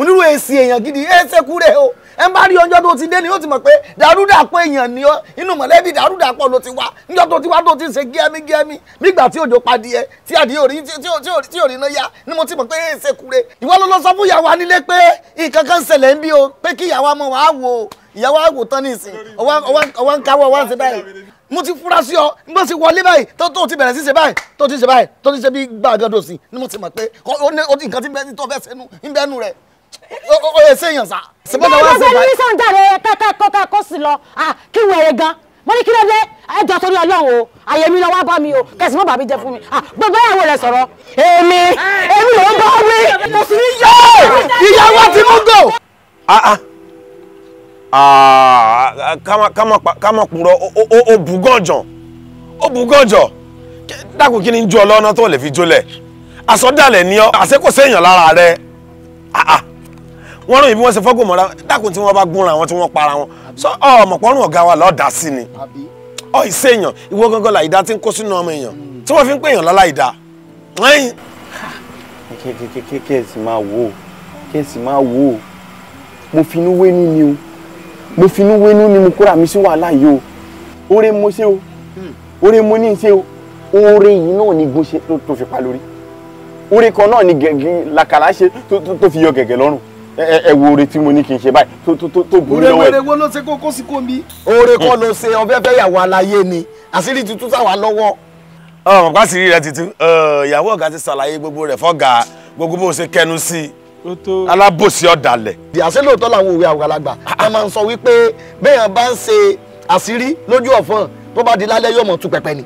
G: mo nílò èsì èèyàn gidi ẹ ṣẹ́kù rẹ̀ o ẹ bá rí ọjọ́ tó ti dé ni ó ti mọ̀ pé dàrúdàpọ̀ èèyàn ni ó inú mọ̀lẹ́bí dàrúdàpọ̀ ló ti wá níjọ́ tó ti wá tó ti ṣe gíẹ́mí gíẹ́mí nígbà tí òjò padìyẹ tí adìyẹ òrí tí òrí náà yá ni mo ti mọ̀ pé ẹ ṣẹ́kù rẹ̀ ìwọ ló lọ sọ fún ìyàwó anílé pé nǹkan kan ṣẹlẹ̀ ń bí o pé kí ìyàwó ọmọ wàá wò ìyàwó àwò tán ní ọwọ́ ń káwọ́ ọwọ́ ṣe báyìí mo ti fura sí ọ nígbà tí wọlé báyìí tó tó ti bẹ̀rẹ̀ sí ṣe báyìí tó ti ṣe báyìí tó ti ṣe bí gbàgàdòsì ni mo ti mọ̀ pé ó ní nǹkan tí bẹ́ẹ̀ tó fẹ́ sẹ́nu ń bẹ́ẹ̀
D: nù rẹ̀ o yẹ sẹ́yìn sa. sẹ́yìn sa. bẹ́ẹ̀ bẹ́ẹ̀ ní sàǹdà rẹ kẹ́kẹ́ kọ́kẹ́ kó sì lọ kí wọ́n rẹ gan mo ní kí ló dé ẹjọ́ torí ọlọ́run o àyè mi lọ wá bá mi o kẹsì mọ́ bàbí jẹ fún mi gbogbo ìyàwó rẹ sọ̀rọ̀ èmi èmi ló ń bá wí kò sí yọ ìyàwó tí mo gò.
K: ká má purọ́ ó bù gànjàn ó bù gànjàn dákun kí ni ń jó ọlọ́nà tó lè fi jólẹ̀ àsọdálẹ̀ ni ọ́ àṣẹ kò séèyàn lára rẹ̀ wọ́n rìn bí wọ́n ṣe fọ́gùn mọ́ra dákun tí wọ́n bá gúnra wọn tí wọ́n para wọn sọ ọmọpọ́nrún ọ̀gá wa lọ́ọ́ dá sí ni ọ ìṣe èèyàn ìwọ gangan làyídá tí ń kó sínú ọmọ èèyàn tí wọ́n fi ń pè èèyàn lọ́láyídá. kéèsì máa wò ó kéèsì máa wò ó
J: mo finú wénú ni o mo finú wénú ni mo kóra mi sí wàhálà yìí o oore mo ṣe o hmm. oore mo ní í ṣe o oore yìí náà ni gun ṣe tó fi pa lórí oore kan náà ni làkàlà ṣe tó fi yọ gẹ̀gẹ̀ lọ́rùn ẹ wo oore tí mo ní kí n ṣe báyìí tó tó tó tó burú lọ́wọ́ ẹ.
G: oore wo ló ṣe kókó sí kòmí. oore kọ́ ló ṣe ọbẹ̀ fẹ́ yàwó aláyé ni àṣírí tuntun sáwà lọ́wọ́. ọmọ
K: bá sì rí rẹ tuntun ìyàwó ọ̀gá ti ṣàlàyé gbogbo rẹ̀ fọ́gà gbogbo bó ṣe kẹnu sí i alábòsí ọ̀dàlẹ̀.
G: àṣé lóòótọ́ làwọn òwe àgbàlagbà a ah, ah. máa ń sọ wípé bẹ́ẹ̀ bá ń ṣe àṣírí lójú ọ̀fọ̀n tó bá di lálẹ́ yóò mọ̀ tú pẹpẹ ni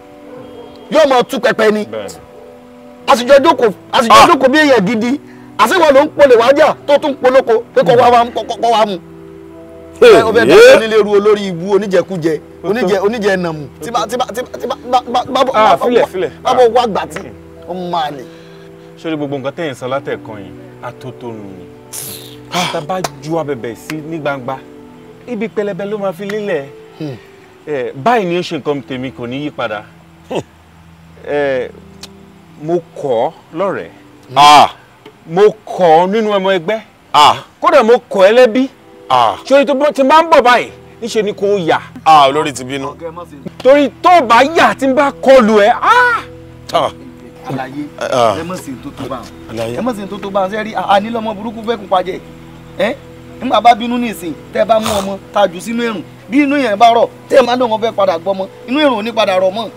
G: yóò mọ̀ tú pẹpẹ ni àṣìjọ́ ah! jókòó bí èèyàn gidi àṣewọ̀ ló ń polè wájà tó tún polóko pé kọ́ wá kọ́ wá mu. ọbẹ̀ tó ń nílé ru olórí ibu oníjẹkújẹ oníjẹ oníjẹ nàmù tí bá tí bá tí bá bá bọ̀ ah, ah. wá gbà tí ó máa lè.
E: sórí gbogbo nǹkan tẹ̀yìn sọ látẹ̀kan yìí atótónu ni ah. tá a bá ju abẹ̀bẹ̀ sí ní gbangba ibi pẹlẹbẹ ló máa fi lélẹ̀ hmm. eh, báyìí ni ó ṣe nǹkan tèmi kò ní yí padà hmm. eh, mo kọ́ lọ́rẹ̀ẹ́ mo kọ̀ ọ́ nínú ọmọ ẹgbẹ́ kódà mo kọ̀ ẹ́ lẹ́bí ṣòrí tó ti máa ń bọ̀ báyìí níṣe ni kò yà. olórí ti bínú. torí tó bá yà tí n bá kọlù ẹ
G: àlàyé ẹ mọ̀ sí tó tó bá wọn ẹ mọ̀ sí tó tó bá wọn ṣe rí ànílọ́mọ burúkú fẹ́ kún pajẹ ẹ nígbà bá bínú nísìn tẹ bá mú ọmọ ta jù sínú ẹ̀rùn bí inú yẹn bá rọ̀ tẹ máa lọ́wọ́ fẹ́ padà gbọ́mọ inú ẹ̀rùn ò ní padà rọ̀ mọ́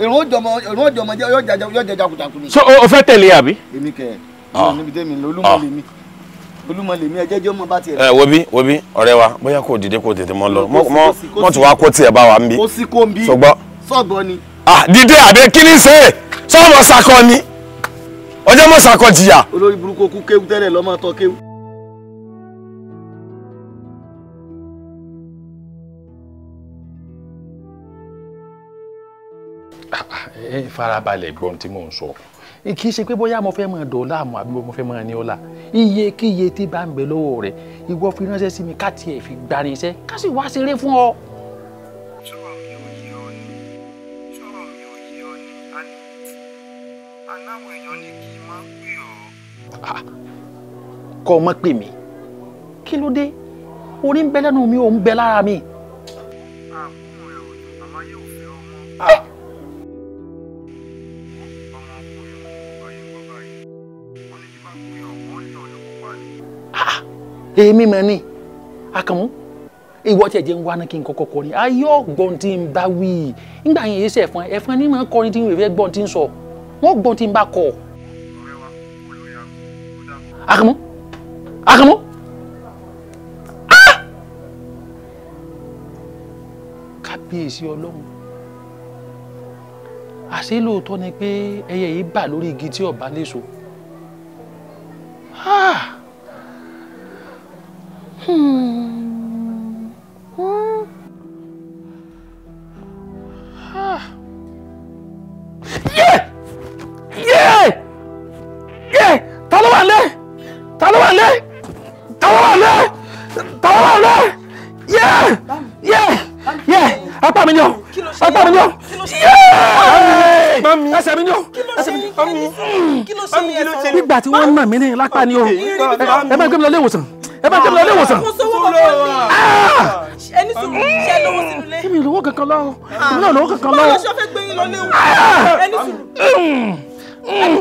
G: ẹ̀rùn ó jọmọ ẹ̀rùn ó jọmọ yọ jẹjàkùjàkù ni. ṣé o fẹ́ tẹ̀lé e àbí. èmi kẹ́ ẹ̀. Ah. níbi tẹ́mi olúmọ ah. lèmi olúmọ lèmi ẹjẹ́jọ́ mọ bá tiẹ̀. ẹ eh, wo
K: bí wo bí ọ̀rẹ́ wa bóyá kò dìde kò tètè kó tiẹ̀ bá wa ń bí. kó
G: sí
K: ah dìde àbẹ kí ni ṣe
G: sọmọ sakọ ni ọjọ́ mọ sakọ jìyà. olórí burúkú okú kéwu tẹ́lẹ̀ lọ́mọ tọ́
M: ah, farabalẹ̀ gbọ́n tí mò ń sọ kì í ṣe pé bóyá mo fẹ́ mọ dọ̀ọ́lá àmọ́ àbí mo fẹ́ mọ ní ọ̀la iye kíye tí bá ń bẹ lọ́wọ́ rẹ̀ ìwọ fi ránṣẹ́ sí mi ká tiẹ̀ fi gbani iṣẹ́ ká sì wá ṣeré fún ọ. sọ̀rọ̀ mi ò yé ọ
C: ni
M: kọ́ ọ mọ́ pè mí kí ló dé orí ń bẹ lẹ́nu mi ò ń bẹ lára mi. àbúrò rẹ̀ ò ní yóò fẹ́ ọmọ. Eh! èmi mọ̀ ni Akamu. ìwọ tí ẹ jẹ́ ń wá náà kí n kọ́kọ́ kọrin ayọ́ gbọ́n tí ń bá wí nígbà yẹn èyí sẹ̀fọn ẹ̀fọn ní mọ̀ kọrin tí ń wèé gbọ́n tí ń sọ wọ́n gbọ́n tí ń bá kọ. àkànmú àkànmú. Ah! kábíyèsí ọlọ́run àṣé lóòótọ́ ni pé ẹyẹ yìí bà lórí igi tí ọba lè so. Ah! nígbà tí wọ́n ń ní lápá ni o ẹ bá gbé mi lọ
D: ilé ìwòsàn ẹ bá jẹ́ mi lọ ilé ìwòsàn. mo
M: sọ́wọ́ kankan ní.
A: Ah! ẹni sùn ṣe lówó sínú
M: ilé. èmi lówó kankan lọ ah. èmi náà lówó kankan lọ. báwo ṣe
D: fẹ́ gbé yín lọ ilé ìwòsàn. Ah! ẹni sùn. Mm.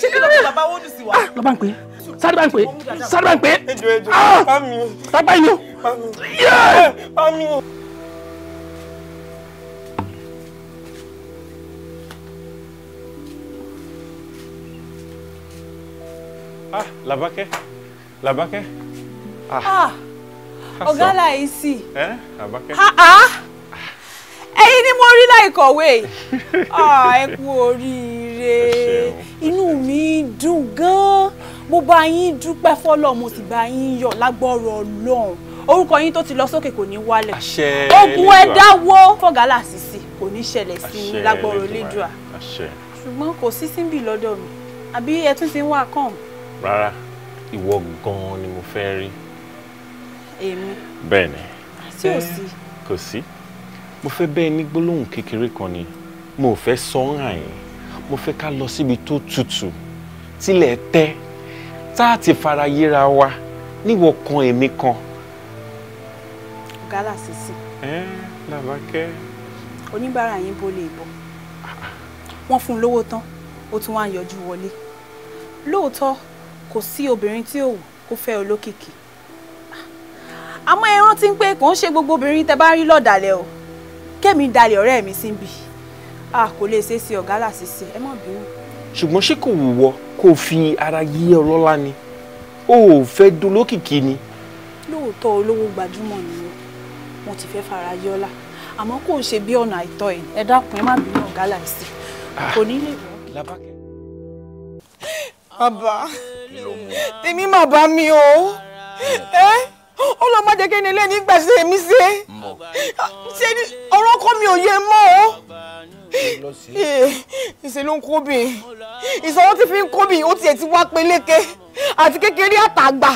D: ṣé kí lọ́kọ̀ bàbá wọ́ọ̀dù sí wa. lọ bá ń pè é sáré bá ń pè é sáré bá ń pè é. ejò ejò bá mi. Ah! yín o. bá mi.
E: Ah, Labake, Labake. Ah. Ah.
L: ọ̀gá láìsí. ẹ̀yin ni mo rí láìkọ̀wé [laughs] ah, ẹ kú oríire inú mi dùn gan-an mo bá yín dúpẹ́ fọ́lọ́ mo sì bá yín yọ̀ lágbọ́rọ̀ ọlọ́run orúkọ yín tó ti lọ sókè kò ní wálẹ̀ ogun ẹ̀dá wó fọ̀gálà sísì kò ní ṣẹlẹ̀ sí i lágbọ́rọ̀ lédùá ṣùgbọ́n kò sí síbì lọ́dọ̀ mi àbí ẹ tún ti ń wá kàn.
E: rárá ìwọ gan-an ni mo fẹ́ rí èmi. bẹ́ẹ̀ni. tí ò sí. kò sí mo fẹ́ bẹ́ẹ̀ ní gbólóhùn kékeré kan ni mo fẹ́ sọ́ràn yín mo fẹ́ ká lọ síbi tó tutù tilẹ̀ tẹ́ tá a ti fara yíra wa níwọ̀ kan èmi kan.
L: gálà sísì. ẹ làbákẹ́. oníbàárà yín bó lè bọ̀ wọ́n fún un lówó tán ó tún wá ń yọjú wọlé lóòótọ́ kò sí obìnrin tí ò wù kó fẹ́ olókìkí àmọ́ ẹ rántí pé kò ń ṣe gbogbo obìnrin tẹ́ bá rí lọ́dàlẹ̀ o kémi dalẹ̀ ọ̀rẹ́ mi sí bì a kò lè ṣe é sí ọ̀gá làṣìṣe ẹ má bínú.
E: ṣùgbọ́n ṣé kò wúwọ kó fi ara yí ọlọ́lá ni o ò fẹ́ dolókìkí ni.
L: lóòótọ́ olówó gbajúmọ̀ ni o mo ti fẹ́ fara yí ọlá àmọ́ kò ṣe bí ọ̀nà àìtọ́ ẹ̀ ẹ dákun ẹ má bínú ọ̀gá làṣìṣe ah. kò ní lè wọ́. bàbá tèmi má bá mi
C: o ọlọ́mọdé kí ni lẹ́ni gbà sí ṣe ṣe ni ọ̀rọ̀ kọ́ mi ò yé mọ́ o eh, ìṣe ló ń kóbì ìṣòro ti fi ń kóbì ó tiẹ̀ ti wá peléke àti kékeré àtàgbà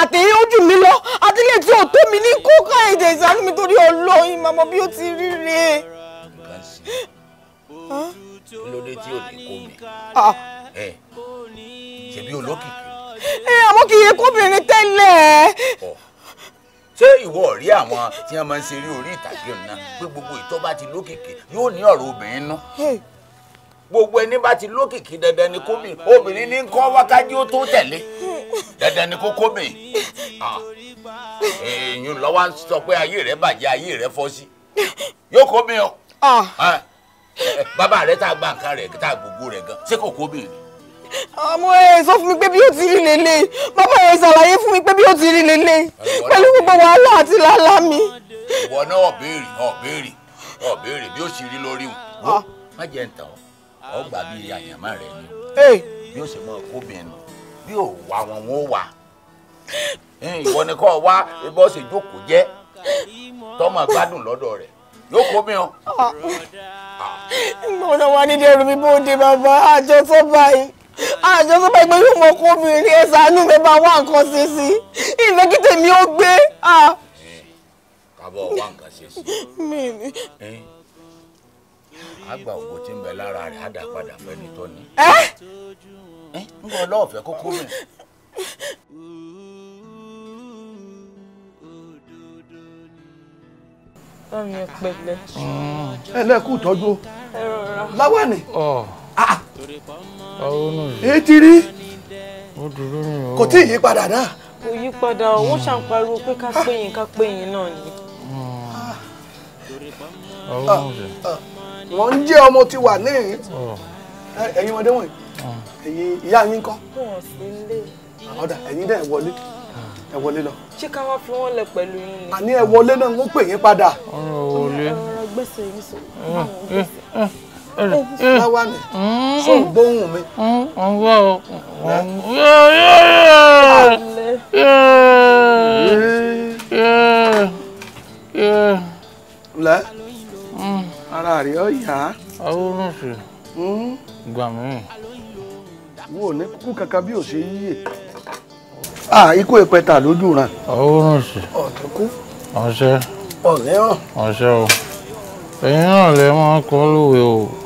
C: àtẹ̀yẹ ojú mi lọ àtìlẹ̀ tí ò tó mi ní kó ká èdè ìṣàánú mi torí ọlọ́yin màmá bí ó ti rí rè
B: é. kí ló dé tí ò ní kóbì ah. ẹ ṣèbí olókìkí. ẹ eh, àmọ́ kì í yẹ kóbìnrin tẹ́lẹ̀ ṣé ìwọ rí àwọn tí wọn máa ń ṣeré orí ìtàgé ọ̀nà pé gbogbo ìtọ́ bá ti lókìkí yóò ní ọ̀rọ̀ obìnrin nú gbogbo ẹni bá ti lókìkí dandan ni kó mi obìnrin ní kọ́ wákàtí ó tó tẹ̀lé dandan ni kó kó mi èèyàn lọ́wọ́ sọ pé ayé rẹ̀ bàjẹ́ ayé rẹ̀ fọ́ sí yóò kó mi o ah. bàbá rẹ̀ tá a gba nǹkan rẹ̀ tá a gbogbo rẹ̀ gan ṣé kò kó mi ni
C: ọmọ ẹ sọ fún mi pé bí ó ti rí lélẹ̀ bàbá ẹ ṣàlàyé fún mi pé bí ó ti rí lélẹ̀ pẹ̀lú gbogbo wàhálà àti làálàá mi.
B: ìwọ náà béèrè ọ̀béèrè ọ̀béèrè bí ó sì rí lórí wọn ah. má jẹ́ ń tàn ọ́ ọgbà bíi àyàmá rẹ ni bí ó sì mọ kóbìnrin nù bí ò wá wọn wọn ò wá ìwọ ni kò wá bó ṣe jókòó jẹ́ tọ́mọ gbádùn lọ́dọ̀ rẹ̀ yóò kó mi o.
C: mo náà wá nídìí ẹrù mi bó ń de bàbá àjọṣọ́ báyìí. àjọ tó bá gbé fún mọ kó obìnrin ẹ ṣàánú mi bá wá nǹkan ṣe sí ìfẹ́ kí tèmi ó gbé.
A: kábọ̀ wá nǹkan ṣe sí.
B: àgbà tí ń bẹ lára rẹ̀ á dà padà fẹ́ni tó ń bọ̀ lọ́ọ̀fẹ́ kókó mi.
H: ẹ lẹ́kùn eh, ni. Oh. èyí ti rí kò tí ì yí padà náà.
F: kò yí padà owó ṣàǹpariwo pé ká péyìn ká péyìn náà ni.
H: wọ́n
A: ah.
H: ah. ah, ń jẹ́ ọmọ tí wà níhìn eh, ẹ̀yin ọdẹ wọ̀nyí ẹ̀yin ìyá yín kọ́ ọ̀dà ẹ̀yin dẹ̀ wọlé ẹ wọlé lọ.
C: ṣé ká wá fi wọn lẹ pẹ̀lú yín ni. àní ẹ wọlé
H: náà ń pè yín padà. ọ̀rọ̀ wọlé.
L: ọ̀rọ̀ gbèsè yín sọ. Eh,
H: eh,
M: láwa mi
L: sọ
A: mm-hmm. gbóhùn mi. ọwọ́ mm-hmm.
H: lẹ́ mm-hmm. ara rẹ̀ ọ yá. awúrò sí gbà mí. wo ní kú kankan bí ò ṣe yíyè. ikú ìpẹta lójú ràn. awúrò sí. ọ̀tún kú. ọ̀sẹ̀. ọ̀lẹ́hàn.
K: ọ̀sẹ̀
B: o ẹ̀yin náà lè máa kọ́ lówe o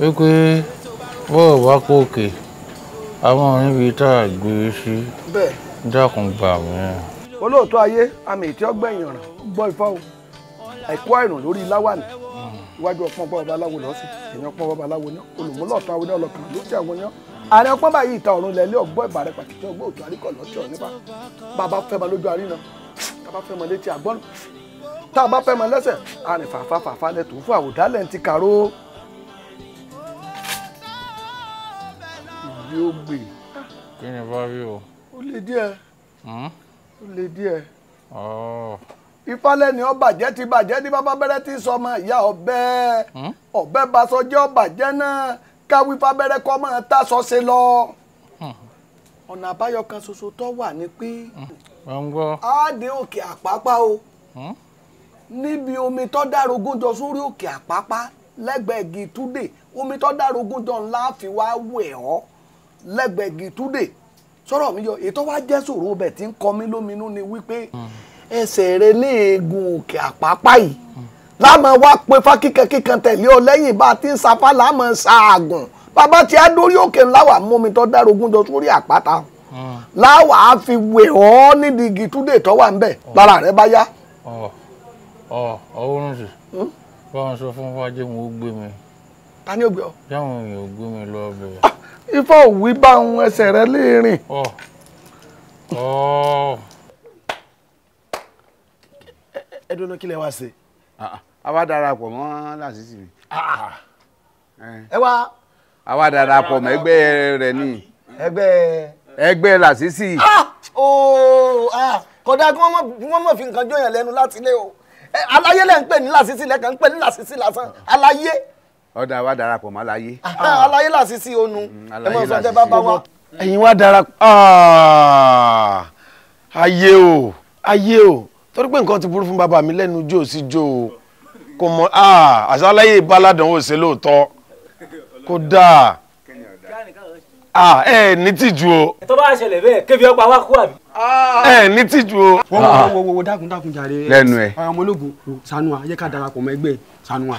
B: wípé bọ́ọ̀ bá kó òkè àwọn òrìn bíi tá a gbé e sí
M: dákun gbà mí.
H: olóòótọ́ ayé àmì ìtí ọgbẹ̀yìn ọ̀ràn gbọ́ ifá o ẹ̀kọ́ àìrùn lórí láwàní iwájú ọpọ́n bá babaláwo lọ sí èèyàn ọpọ́n babaláwo ní olùmúlọ̀tọ̀ àwọn ọlọ́kan ló jẹ́ àwọn yán ààrẹ ọpọ́n báyìí ìta ọ̀run lẹ́lẹ́ ọgbọ́ ìbàrẹ̀ pàkìtì ọgbọ́ òtún àríkọ̀ lọ́tì ọ̀ nípa bàbá fẹ́ mọ lójú àríná bàbá fẹ́ mọ létí àgbọ́n tá a bá fẹ́ mọ lẹ́sẹ̀ àrìn fàfà fàfà lẹ́tọ̀ọ́ fún àwòdálẹ̀ ń ti kàró bí ó gbè. kí ni value o. ó lè díẹ̀. Hmm? ó lè díẹ̀. Oh. ifálẹ́ni ó bàjẹ́ ti bàjẹ́ ní bàbá bẹ́rẹ́ tí sọmọ ìyá ọ̀bẹ hmm? ọ̀bẹ basọjẹ́ ó bàjẹ́ náà káwí fábẹ́rẹ́ kọ́ mọ́ tásọ ṣe lọ. Hmm. ọ̀nà àbáyọ kan ṣoṣo tó wà ni pé. wọ́n gbọ́. á dé òkè àpápá o. níbi omi tó dárogún jọ sórí òkè àpápá lẹ́gbẹ̀ẹ́ igi túdè omi tó dárogún jọ ńlá fi wá wẹ̀ ọ́ lẹ́gbẹ̀gì túdè sọ̀rọ̀ mi yọ ètò wa jẹ́ sòro bẹ̀ tí ń kọ mí lóminú ni wípé ẹsẹ̀ rẹ léegun òkè àpápá yìí láàmú wa pé fákíkankíkan tẹ̀lé ọ lẹ́yìn bá a ti ń sapá láàmú ṣaagùn bàbá tí a dórí òkè láwà mú mi tọ́ dárogún jọ sórí àpáta láwà á fi wè ọ́ nídìí igi túdè tó wà ń bẹ̀ lára rẹ bá yá.
M: ọ ọ ọrùn sì hmm? báwọn sọ fún wájú wọn ó gbé mi. ta ni ó gbé ọ. jáwọn èèyàn ò gbé mi lọ ọbẹ̀. Ah!
H: ifá òwí bá ń ẹsẹ̀ rẹ léèrìn.
K: ẹ dúró kí lẹ wá ṣe.
H: a wá darapọ̀ mọ́ lásìsì mi. ẹ wá. a wá darapọ̀ mọ́ ẹgbẹ́ rẹ ni. ẹgbẹ́. ẹgbẹ́ lásìsì.
G: Ah! Ah! kódà kí wọ́n mọ̀ fi nǹkan jóyàn lẹ́nu láti ilé o aláyé lẹ́ ń pè ní lásìsì lẹ́kàn ń pè ní lásìsì lásán aláyé
H: ọ̀dà wa darapọ̀ mọ́ aláyé. Ah. aláyé
G: làṣí sí onu mm, ẹ mọ sọ tẹ bá bá wa.
H: ẹ̀yin wa darapọ̀ ah,
K: ayé o ayé o torí pé nǹkan ti burú fún bàbá mi lẹ́nu jó sí jó o kò mọ ah, àṣà aláyé baládàn ò ṣe lóòótọ́ kò dáa ẹ ní tìjú o.
H: tó bá ṣẹlẹ̀ bẹ́ẹ̀ kébi ọgbà wa kú àbí.
K: ẹ ní tìjú o. wọ́n wọ́n
H: wọ́n dákun dákun jàre. lẹ́nu ẹ̀. ọmọ ológun sanuwa yẹ ká darapọ̀ mọ́ ẹgbẹ́ sanuwa.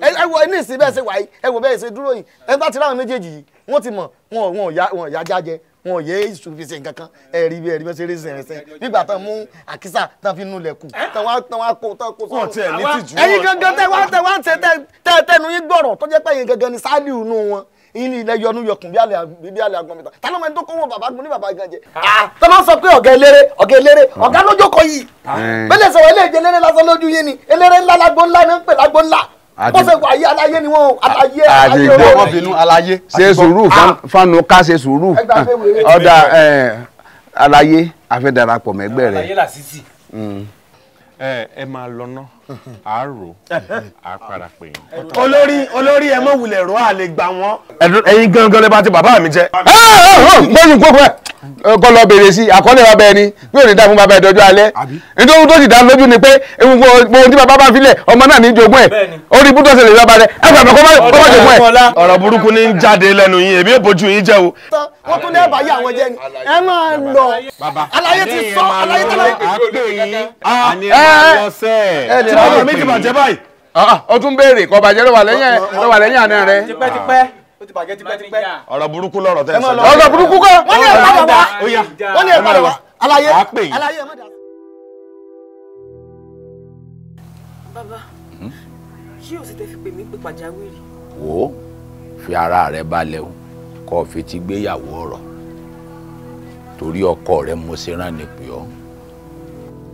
G: ẹ wo ní ìsìn bẹ́ẹ̀ ṣe wà yìí ẹ wo bẹ́ẹ̀ ṣe dúró yìí ẹ bá ti ráwọn méjèèjì yìí wọ́n ti mọ̀ wọn wọn ya wọn ya jájẹ wọn yé iṣu fi ṣe nǹkan kan ẹ rí bí ẹ rí bí wọ́n ṣe rí sẹ̀rẹ̀ sẹ̀ nígbà tán mú àkísà tán fi nulẹ̀ kù tán wá tán wá kó tán kó sọ́run. wọn tiẹ̀ ní tìjú wọn. ẹ̀yin gangan tẹ wá tẹ wá ń tẹ tẹ tẹnu yín gbọ̀rọ̀ tó jẹ́ pé ẹ̀yin gangan ni sáàlìú nù wọn ilé ilẹ̀ yọnu yọkùn bí alẹ́ bí alẹ́ agbọ̀n mẹ́ta ta ló máa ń tó kówó bàbá gbọ́n ní bàbá gan jẹ. Ah. Ah, tó máa ń sọ pé ọ̀gá eléré ọ̀gá eléré ah. ọ̀gá lójókòó yìí bẹ́lẹ̀ sọ̀rọ̀ eléje eléré lásán lójú yín ni eléré ńlá lágbo ńlá ni ń pè lágbo ńlá wọ́n fẹ́ wọ ayé aláyé ni wọ́n aláyé aláyé owó rẹ̀. wọ́n bínú
H: aláyé ṣe sùúrù ah. fanu ká ṣe sùúrù ah, ọ̀dà aláyé afẹ́darapọ̀ mẹ́gbẹ́ rẹ̀. aláyé làṣìṣì. Mm.
E: ẹ ẹ máa lọ náà a rò a padà pè É olórí olórí ẹ mọ wulẹ̀ rọ àlè gbà wọ́n.
H: ẹ̀yin gangan lè bá ti bàbá mi jẹ. gbẹ́sìn kókó ẹ̀ kọ́ lọ bèrè sí àkọọ́lẹ̀ bàbá ẹni bí òní dá fún bàbá ẹ̀ dọ́jú alẹ́. nítorí tó ti dá lójú ni pé ohun tí bàbá bá filẹ̀ ọmọ
G: náà ní jogún ẹ̀ orí bútó ṣẹlẹ̀ bàbá rẹ̀ ẹ gbàgbọ́ kó má jogún ẹ̀.
K: ọ̀rọ̀ burúkú ni ń jáde lẹ́nu yín èmi èbójú yín jẹ́ o.
G: wọ́n tún ní ẹ̀bà yí àwọn jẹ́ ni ẹ máa lọ. àlàyé ti sọ àlàyé
C: ti sọ ọmọ mi
H: ti bàjẹ́
K: báyìí. Ah, ah, ó tún béèrè kó bàjẹ́ ló
C: wà lẹ́yìn àná rẹ.
G: tipẹ́tipẹ́
K: ọ̀rọ̀ burúkú lọ̀rọ̀ tẹ́ ẹ sọ.
G: ọ̀rọ̀ burúkú kọ́. wọ́n ní ẹ̀
K: padà wá wọ́n ní ẹ̀ padà wá alaye
G: alaye ẹ̀ má dà.
B: bàbá
C: ṣé o sì tẹ́ fi pè mí pé pàjáwìrì.
B: wò ó fi ara rẹ balẹ̀ o kó o fi ti gbéyàwó ọ̀rọ̀ torí ọkọ rẹ mo ṣe rán ni pè ọ́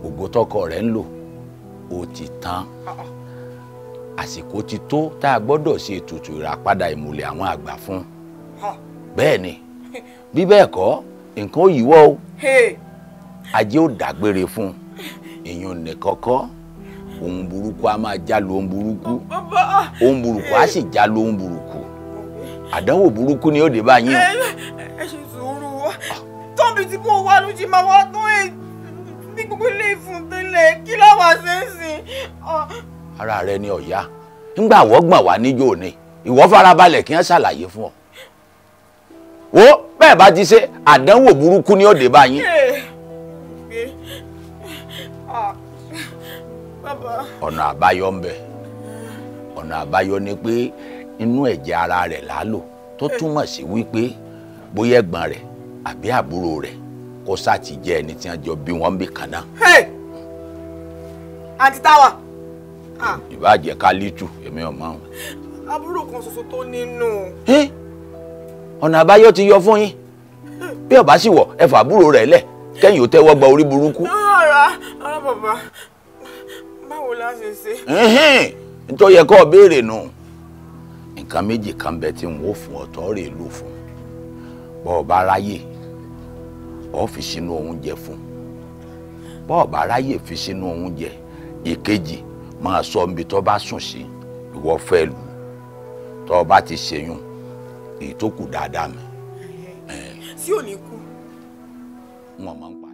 B: ògbótọ́kọ rẹ ń lò ó ti tán àsìkò ti tó tá a gbọ́dọ̀ ṣe ètùtù ìràpadà ìmùlẹ̀ àwọn àgbà fún bẹ́ẹ̀ ni bí bẹ́ẹ̀ kọ́ nǹkan ó yíwọ́ o ajé ó dágbére fún èèyàn nìkọ́kọ́ ohun burúkú a máa já lu ohun burúkú ohun burúkú a sì já lu ohun burúkú àdánwò burúkú ni ó dé bá o.
C: ẹ ṣe sùúrù tóbi tí kò wá ló ti máa wá tún èyí bí gbogbo ilé ìfún tẹ́lẹ̀ kí láwa ṣe ń sìn.
B: ara rẹ ni ọ̀yá ńgbà wọ́n gbọ̀n wá níjó ni ìwọ farabalẹ̀ kí wọ́n ṣàlàyé fún ọ. wo bẹ́ẹ̀ bá ti ṣe àdánwò burúkú ni ó dé bá yín. ọ̀nà àbáyọ ń bẹ ọ̀nà àbáyọ ni pé inú ẹ̀jẹ̀ ara rẹ̀ lálò tó túmọ̀ sí wípé bóyá ẹ̀gbọ́n rẹ̀ àbí àbúrò rẹ̀ kó sáàtì jẹ́ ẹni tí wọ́n jọ bí wọ́n bí kànáà. àti táwa. ìbàjẹ́ kálítù èmi ò mọ̀ wọn.
C: àbúrò kan ṣoṣo tó nínú.
B: ọ̀nà àbáyọ ti yọ fún yín bí ọba sì wọ̀ ẹ fà àbúrò rẹ̀ lẹ̀ kẹ́yìn ò tẹ́wọ́ gba orí burúkú.
C: ara ara bàbá
B: báwo la ṣe ṣe. nítorí yẹ kó o béèrè nù nǹkan méjì kan bẹ tí n ó fún ọ̀tọ́ rè lò fún bọ́ọ̀ bá ráyè ọ fi sínú oúnjẹ fún bọ́ọ̀ bá ráyè fi sínú oúnjẹ ìkejì máa sọ níbi tó bá sùn sí ìwọ fẹ́ lù tó bá ti ṣèyún èyí tó kù dáadáa mi. sí ò ní kú. wọn máa ń pa.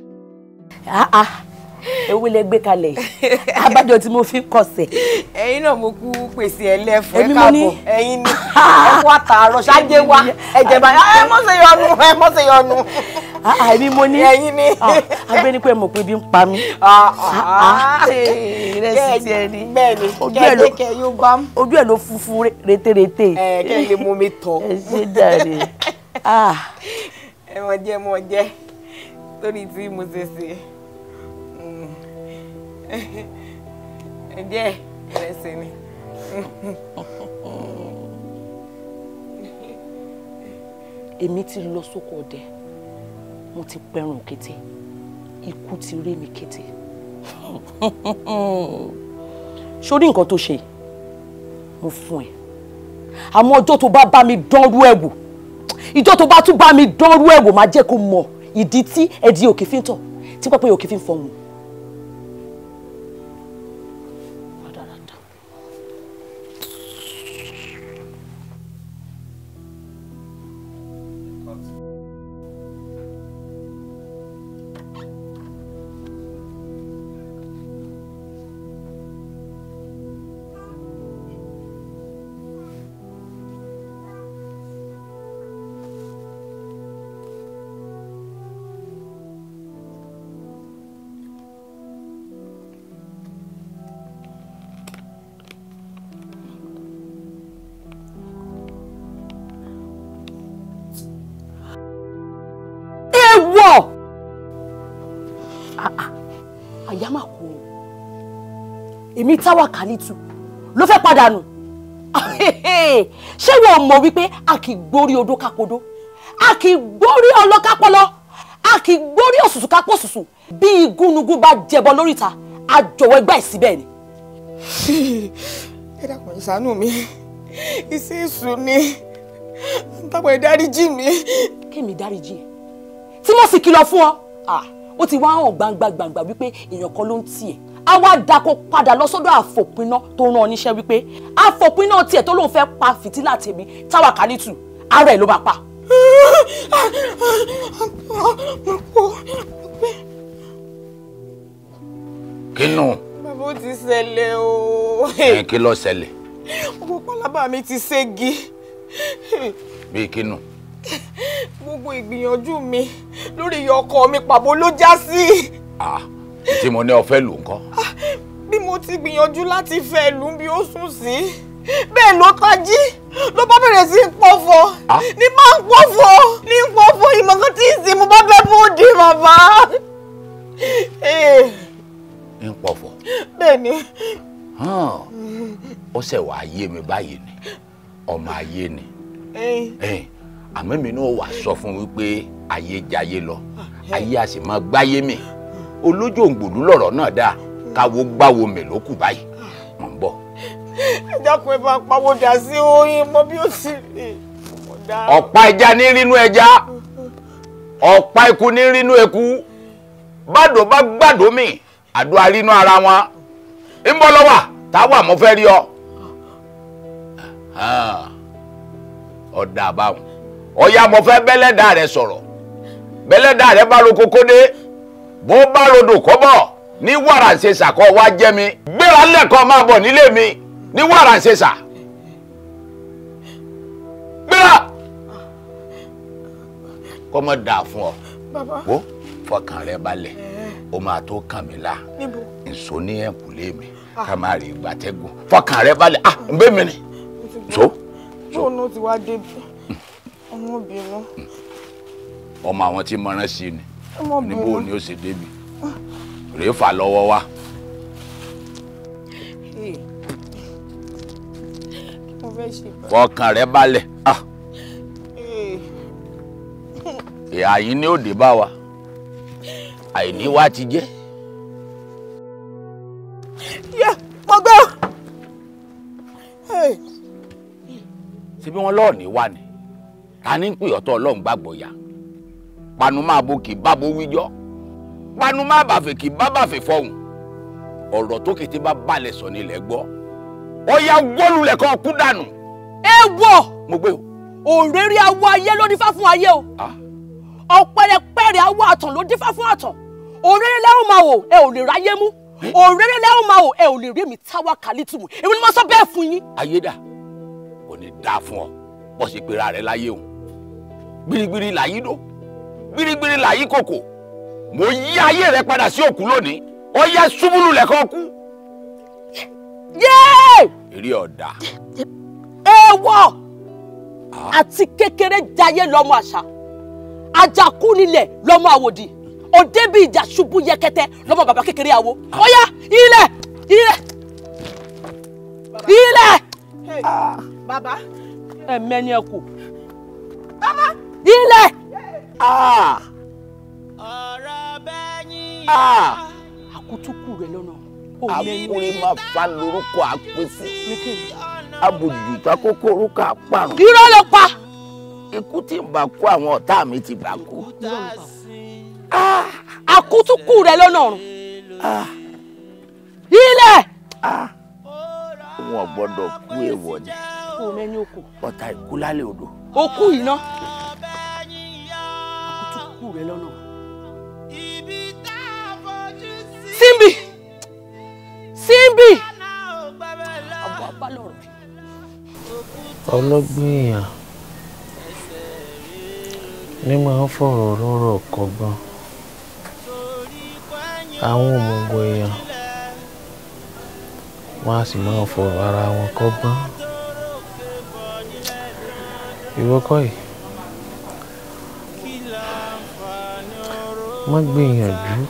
D: àà ah, ah, ewu lẹ gbé kalẹ̀ yìí [laughs] abájọ tí mo fi ń kọsẹ̀.
C: ẹ̀yin náà mo kú pèsè ẹlẹ́fọ̀ ẹ káàbọ̀ ẹ̀yin ni [laughs] ẹ kú àtàárọ̀ ṣáájé wa
D: ẹ̀jẹ̀ bá ẹ mọ̀ ṣe ẹ mọ̀ ṣe àìní ah, ah, mo ní ẹyin ní ah, agbẹnipẹ mọ̀ pé bí ń pa mí. bẹ́ẹ̀ni kẹlẹkẹ yóò bá m. ojú ẹ ló funfun reterete. ẹ kẹ lè mú mi tọ. ẹ ṣe dàrẹ.
C: ẹ mọ jẹ mọ jẹ lórí tí mo ṣe ṣe mm. ẹ jẹ ẹrẹsẹ
D: ni. èmi ti lọ sóko ọdẹ mo ti pẹrun kété ikú ti rí mi kété sórí [laughs] nǹkan tó ṣe mo fún ẹ àmọ́ ọjọ́ tó bá bá mi dánrú ẹ̀ wò ìjọ́ tó bá tún bá mi dánrú ẹ̀ wò máa jẹ́ kó mọ ìdí tí ẹ̀dí òkè fi ń tọ̀ tí pẹ́pẹ́ òkè fi ń fọhùn èmi Táwàkálítù ló fẹ́ padà nù ṣé wọn ò mọ̀ wípé a kì í gbórí odó kápodó a kì í gbórí ọlọ́ kápọlọ a kì í gbórí òṣùṣù kápòṣùṣù bí igúnnugún bá jẹbọ lóríta a jọ̀wọ́ ẹgbà ẹ síbẹ̀ ni. ẹ dàpọ̀ ìsànú mi iṣẹ́ èṣù ni dàpọ̀ ìdáríjì mi. kémi dáríjì ẹ tí mo sì kìlọ̀ fún ọ ó ti wá hàn gbangba gbangba wípé èèyàn kan ló ń tì ẹ́ a wá da kó padà lọ sọ́dọ̀ àfòpiná tó rán oníṣẹ́ wípé àfòpiná tiẹ̀ tó lóun fẹ́ pa fìtílà tèmi táwa kálítù ara ẹ̀ ló bá pa.
B: kínú.
C: bàbá ó ti ṣẹlẹ̀ o. ẹ kí ló ṣẹlẹ̀. gbogbo pálábá mi ti ségi. bíi kínú gbogbo ìgbìyànjú mi lórí ọkọ mi pàbó ló já sí
B: tí mo ní ọfẹ́ lù ń kọ́.
C: Ah, bí mo ti gbìyànjú láti fẹ́ lù bí ó sùn sí bẹ́ẹ̀ ló tají ló bá bẹ̀rẹ̀ sí í pọ̀fọ̀ ah. ní máa ń pọ̀fọ̀ ní pọ̀fọ̀ ìmọ̀kan tí ì sí mo bá fẹ́ mú di bàbá.
A: Eh. ń pọ̀fọ̀. bẹ́ẹ̀ni.
B: ó ṣe wàá yé mi báyìí ni ọmọ ayé ni eh. Eh, àmọ́ mi náà wàá sọ fún wípé ayé jayé lọ ah, ayé a sì máa gbáyé mi. Ah olójú òǹgbòlú lọ̀rọ̀ náà dáa káwo gbáwo mélòó kù báyìí mò ń bọ̀.
C: ẹ dákun ẹ bá pawó dà sí oyin mọ bí ó sì rí ọ̀pá
B: ẹja ní rínú ẹja ọ̀pá eku ní rínú eku bàdó bá gbàdó mi àdó arínú ara wọn ń bọ́ lọ́wọ́ táwa mo fẹ́ rí ọ ọ̀dà àbáwọn ọ̀ya mo fẹ́ bẹ́lẹ́dà rẹ sọ̀rọ̀ bẹ́lẹ́dà rẹ bá ro kókó dé bó bá rodò kó bọ̀ ní wàrà ṣèṣà kó wá jẹ́ mi gbéra lẹ́kọ̀ọ́ máa bọ̀ nílé mi ní wàrà ṣèṣà gbéra kọ́ mọ́ dà fún ọ wo fọkàn rẹ balẹ̀ o máa tó kàn mí la nso ní ẹ̀kúlé mi ah. ká máa rí ìgbàtẹ́gùn fọkàn rẹ balẹ̀ ah n bẹ́ mi ni so.
C: bóun ló ti wá débi hmm. ọmọbìnrin. Hmm.
B: ọmọ àwọn tí mọ̀ràn sí ni
C: níbo ni
B: ó ṣe débi rèé fà lọ́wọ́ wá. fọkàn rẹ balẹ̀ ah. ìhà yìí ni ó dé bá wa àìní wa ti jẹ́.
D: yẹ gbogbo.
B: ṣebí wọn lọ́ọ̀ ní wa ni ta ni pè ọ́tọ́ ọlọ́run gbàgbọ́ ya panu máa bo kì bá bo wíjọ́ panu máa bàfẹ́ kì bá bàfẹ́ fọ̀hùn ọ̀rọ̀ tó kété bá balẹ̀ sọ nílẹ̀ gbọ́
D: ọ̀ya wọ́lulẹ̀ kan kú dànù. ẹ wọ mo gbé o. òrèrè awọ ayé ló dífá fún ayé o ọ̀pẹ̀rẹ̀pẹ̀rẹ̀ awọ àtàn ló dífá fún àtàn òrèrè lẹ́hùn máa wò ẹ ò lè ráyé mú òrèrè lẹ́hùn máa wò ẹ ò lè rí mi táwa kàlítù èmi ni mo sọ bẹ́ẹ̀ fún yín. ayédà
B: kò ní dáa fún ọ bó ṣe pera rẹ láyé o gbirigbiri làyí dó gbirigbiri là yí kòkò mo yí ayé rẹ padà sí òkú lónìí ó yá ṣubúlù lẹ́kọ́ kú.
D: eré ọ̀dà. èèwọ̀ ah. àti kékeré jayé lọ́mọ àṣà àjàkú nílẹ̀ lọ́mọ àwòdì òde bíi ìjà ṣubú yẹkẹtẹ lọ́mọ bàbá kékeré àwo ah. ó yá ilẹ̀ ilẹ̀ ilẹ̀. bàbá ẹ̀mẹ́ni baba, kù. bàbá ilẹ̀ ọ̀rọ̀ bẹ́ẹ̀ yín. àkútúkù rẹ lọ́nà. àkúrẹ́ máa fa lórúkọ àpèsè.
B: abùjù takókó orúkọ àparùn. irọ́ ló pa. ikú tí ń bá kó àwọn ọ̀tá mi ti bá kú.
D: àkútúkù ah! rẹ lọ́nà ọ̀run. Ah! ilẹ̀. Ah!
B: wọn gbọ́dọ̀ kú èèwọ̀ ni ọ̀tá ìkú lálẹ́ odò.
D: okú yìí kú rẹ lọ́nà. Simbi Simbi. àbọ̀ abálọ̀rọ̀ rẹ̀.
K: ọlọ́gbìn èèyàn ní máa ń fọ̀rọ̀ lọ́rọ̀ kọ́gbọ́n àwọn òmùgọ̀ èèyàn wọn a sì máa fọ̀rọ̀ ara wọn kọ́gbọ́n ìwọ́kọ̀ yìí. má gbìyànjú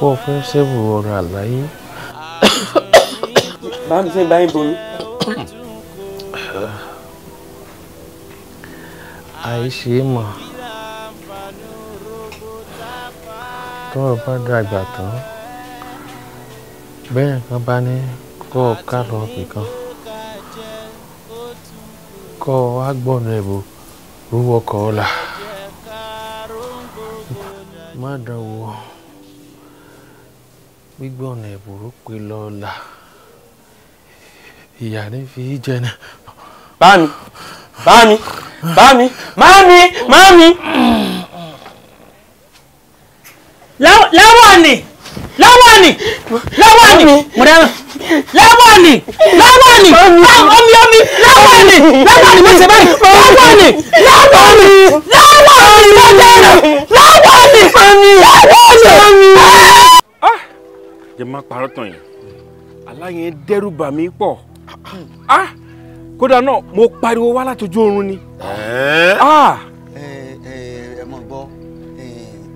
K: pọ̀ fún sẹ́bù ọ̀rọ̀ àlàyé. [coughs]
A: bá
E: mi [coughs] ṣe báyìí bomi.
K: àìṣe mọ̀ tọ́rọ bá dàgbà tán bẹ́ẹ̀ kan bá ní kọ́ ọ ká
M: lọ nìkan kọ́ ọ wá gbọ́nà ẹ̀bùn rúwọ́kọ̀ ọ̀la má dánwò gbígbọ̀nà ìbúrú pé lọ́la
K: ìyá ní fi jẹnà. báàmí báàmí báàmí
D: máàmí máàmí. láwọn ni lawani lawani mọ̀dẹ́rùn lawani lawani omi omi lawani lawani mo ṣe báyìí lawani
A: lawani lawani mọ̀dẹ́rùn lawani lawani.
E: jẹ́ máa parọ́ tán yẹn aláyẹn dẹ́rù bà mí pọ̀ kódà náà mo pariwo wá látọjú oorun ni. ẹ
G: ẹ ẹ mọ̀ gbọ́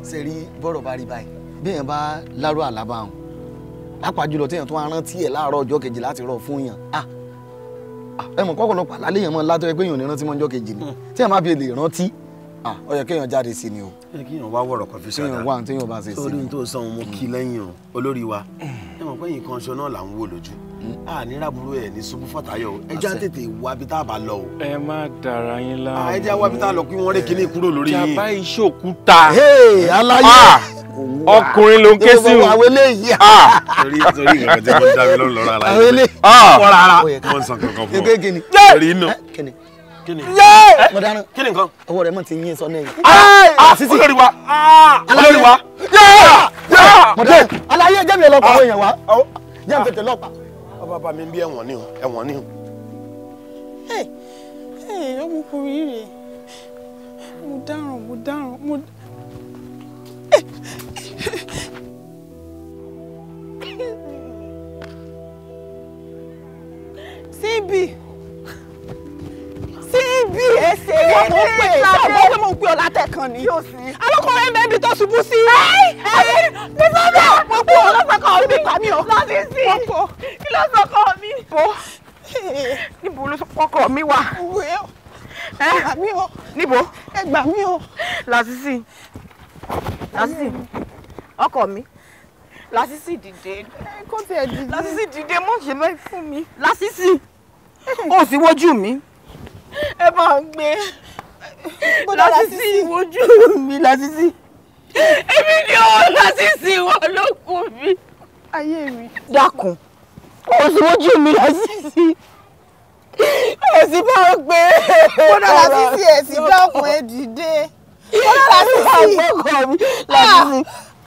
G: ṣe rí bọ́rọ̀ bá rí báyìí bẹ́ẹ̀ bá láró àlábà hàn lápá jùlọ téèyàn tó wá rántí ẹ̀ láàárọ̀ ọjọ́ kejì láti rọ̀ fún yàn ah, ah ẹ mọ̀ kọ́kọ́lọpọ̀ àlálẹ́ yẹn mọ́ látọ̀ ẹ pé èèyàn ò ní rántí mọ́ ọjọ́ kejì ni hmm. téèyàn má fi lè rántí ah ó yẹ kéèyàn jáde sí ni o. ẹ kéèyàn wá wọ̀rọ̀ kan fi sọ̀dá kéèyàn wá téèyàn bá ṣe sí ni. sórí tó sọ ohun mo kí lẹ́yìn o olórí wa
K: ẹ mọ̀ pé nǹkan aṣọ náà là ń wò lójú a ní ráburú ẹ ní ṣubú fàtàyọ o ẹ já tètè wá bí tá a bá lọ o. ẹ má dara yín láàmú. ẹ já wá bí tá a lọ kí wọ́n rí kinní kúrò lórí yín. jàmbá
E: iṣẹ́ òkúta. aláyé ah, ọkùnrin ló ń ké sí o. àwọn eléyìí. Ah.
G: torí torí nǹkan tí wọ́n dá mi lọ́rùn lọ́rùn aláyé.
A: àwọn
G: eléyìí. Ah kíni. mo dáná kíni nǹkan. ọwọ́ rẹ̀ mọ̀ ti yín sọ náà yìí. àṣìṣì ah! ah, ah, olórí wa olórí wa. mo dáná aláyé jẹ́ mi ọlọ́pàá àwọn èèyàn wa jẹ́ mi tètè lọ́pàá. ọba bá mi bí
K: ẹ̀wọ̀n ni o ẹ̀wọ̀n ni o.
C: ọmọkùnrin rèé mo dáràn mo dáràn mo dáràn. kan ni yóò sí. alọ́kùnrin ń bẹ ibi tó ṣubú sí. kí ló sọ mi. mo pọ̀ lọ́sọ̀kọ̀ mi. pa mi o. lọ́sí sí. mo kí ló sọkọ̀ mi. pọ̀ níbo ló sọkọ̀ mi wà. ẹ gbà mí o. níbo. ẹ gbà mí o. làṣìṣì làṣìṣì ọkọ mi làṣìṣì dìde. kó tiẹ̀ dìde. làṣìṣì dìde mọ̀ ṣe bẹ́ẹ̀ fún mi. làṣìṣì ó sì wojú mi. ẹ bá ń gbé. Lásìsí ìwojú mi Lásìsí. Èmi ni ó Lásìsí ìwọ ló kù mi. Ayé mi. Dákun, òṣùwọ́jú mi Lásìsí ẹ̀sìn bá ń gbé kódà Lásìsí ẹ̀sìn dákun ẹ̀ dìde kódà Lásìsí àgbọ̀kọ̀ mi Lásìsí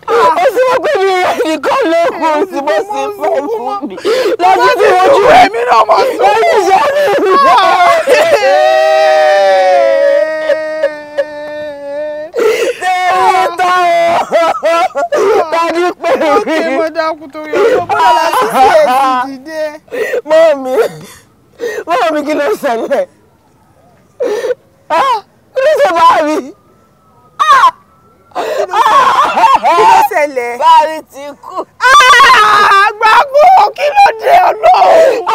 C: ó sì mọ̀ pé mi rẹ̀ nìkan ló kù ó sì mọ̀ sí fún mi Lásìsí ojú ẹ̀mí náà mọ̀ sí lẹ́yìn ìṣẹ́ mi. Ah.
A: [laughs] dájú pé rí. ó ké mo
C: dákú torí ọkọ bọ́lá láti sí èsì dìde. mọ́ọ̀mí mọ́ọ̀mí kí ló ṣẹlẹ̀ ah, kí ló ṣe bá mi. Ah, kí ló ṣẹlẹ̀.
A: báyìí ti kú. Ah, àgbà kú kí ló dé ọ̀nà.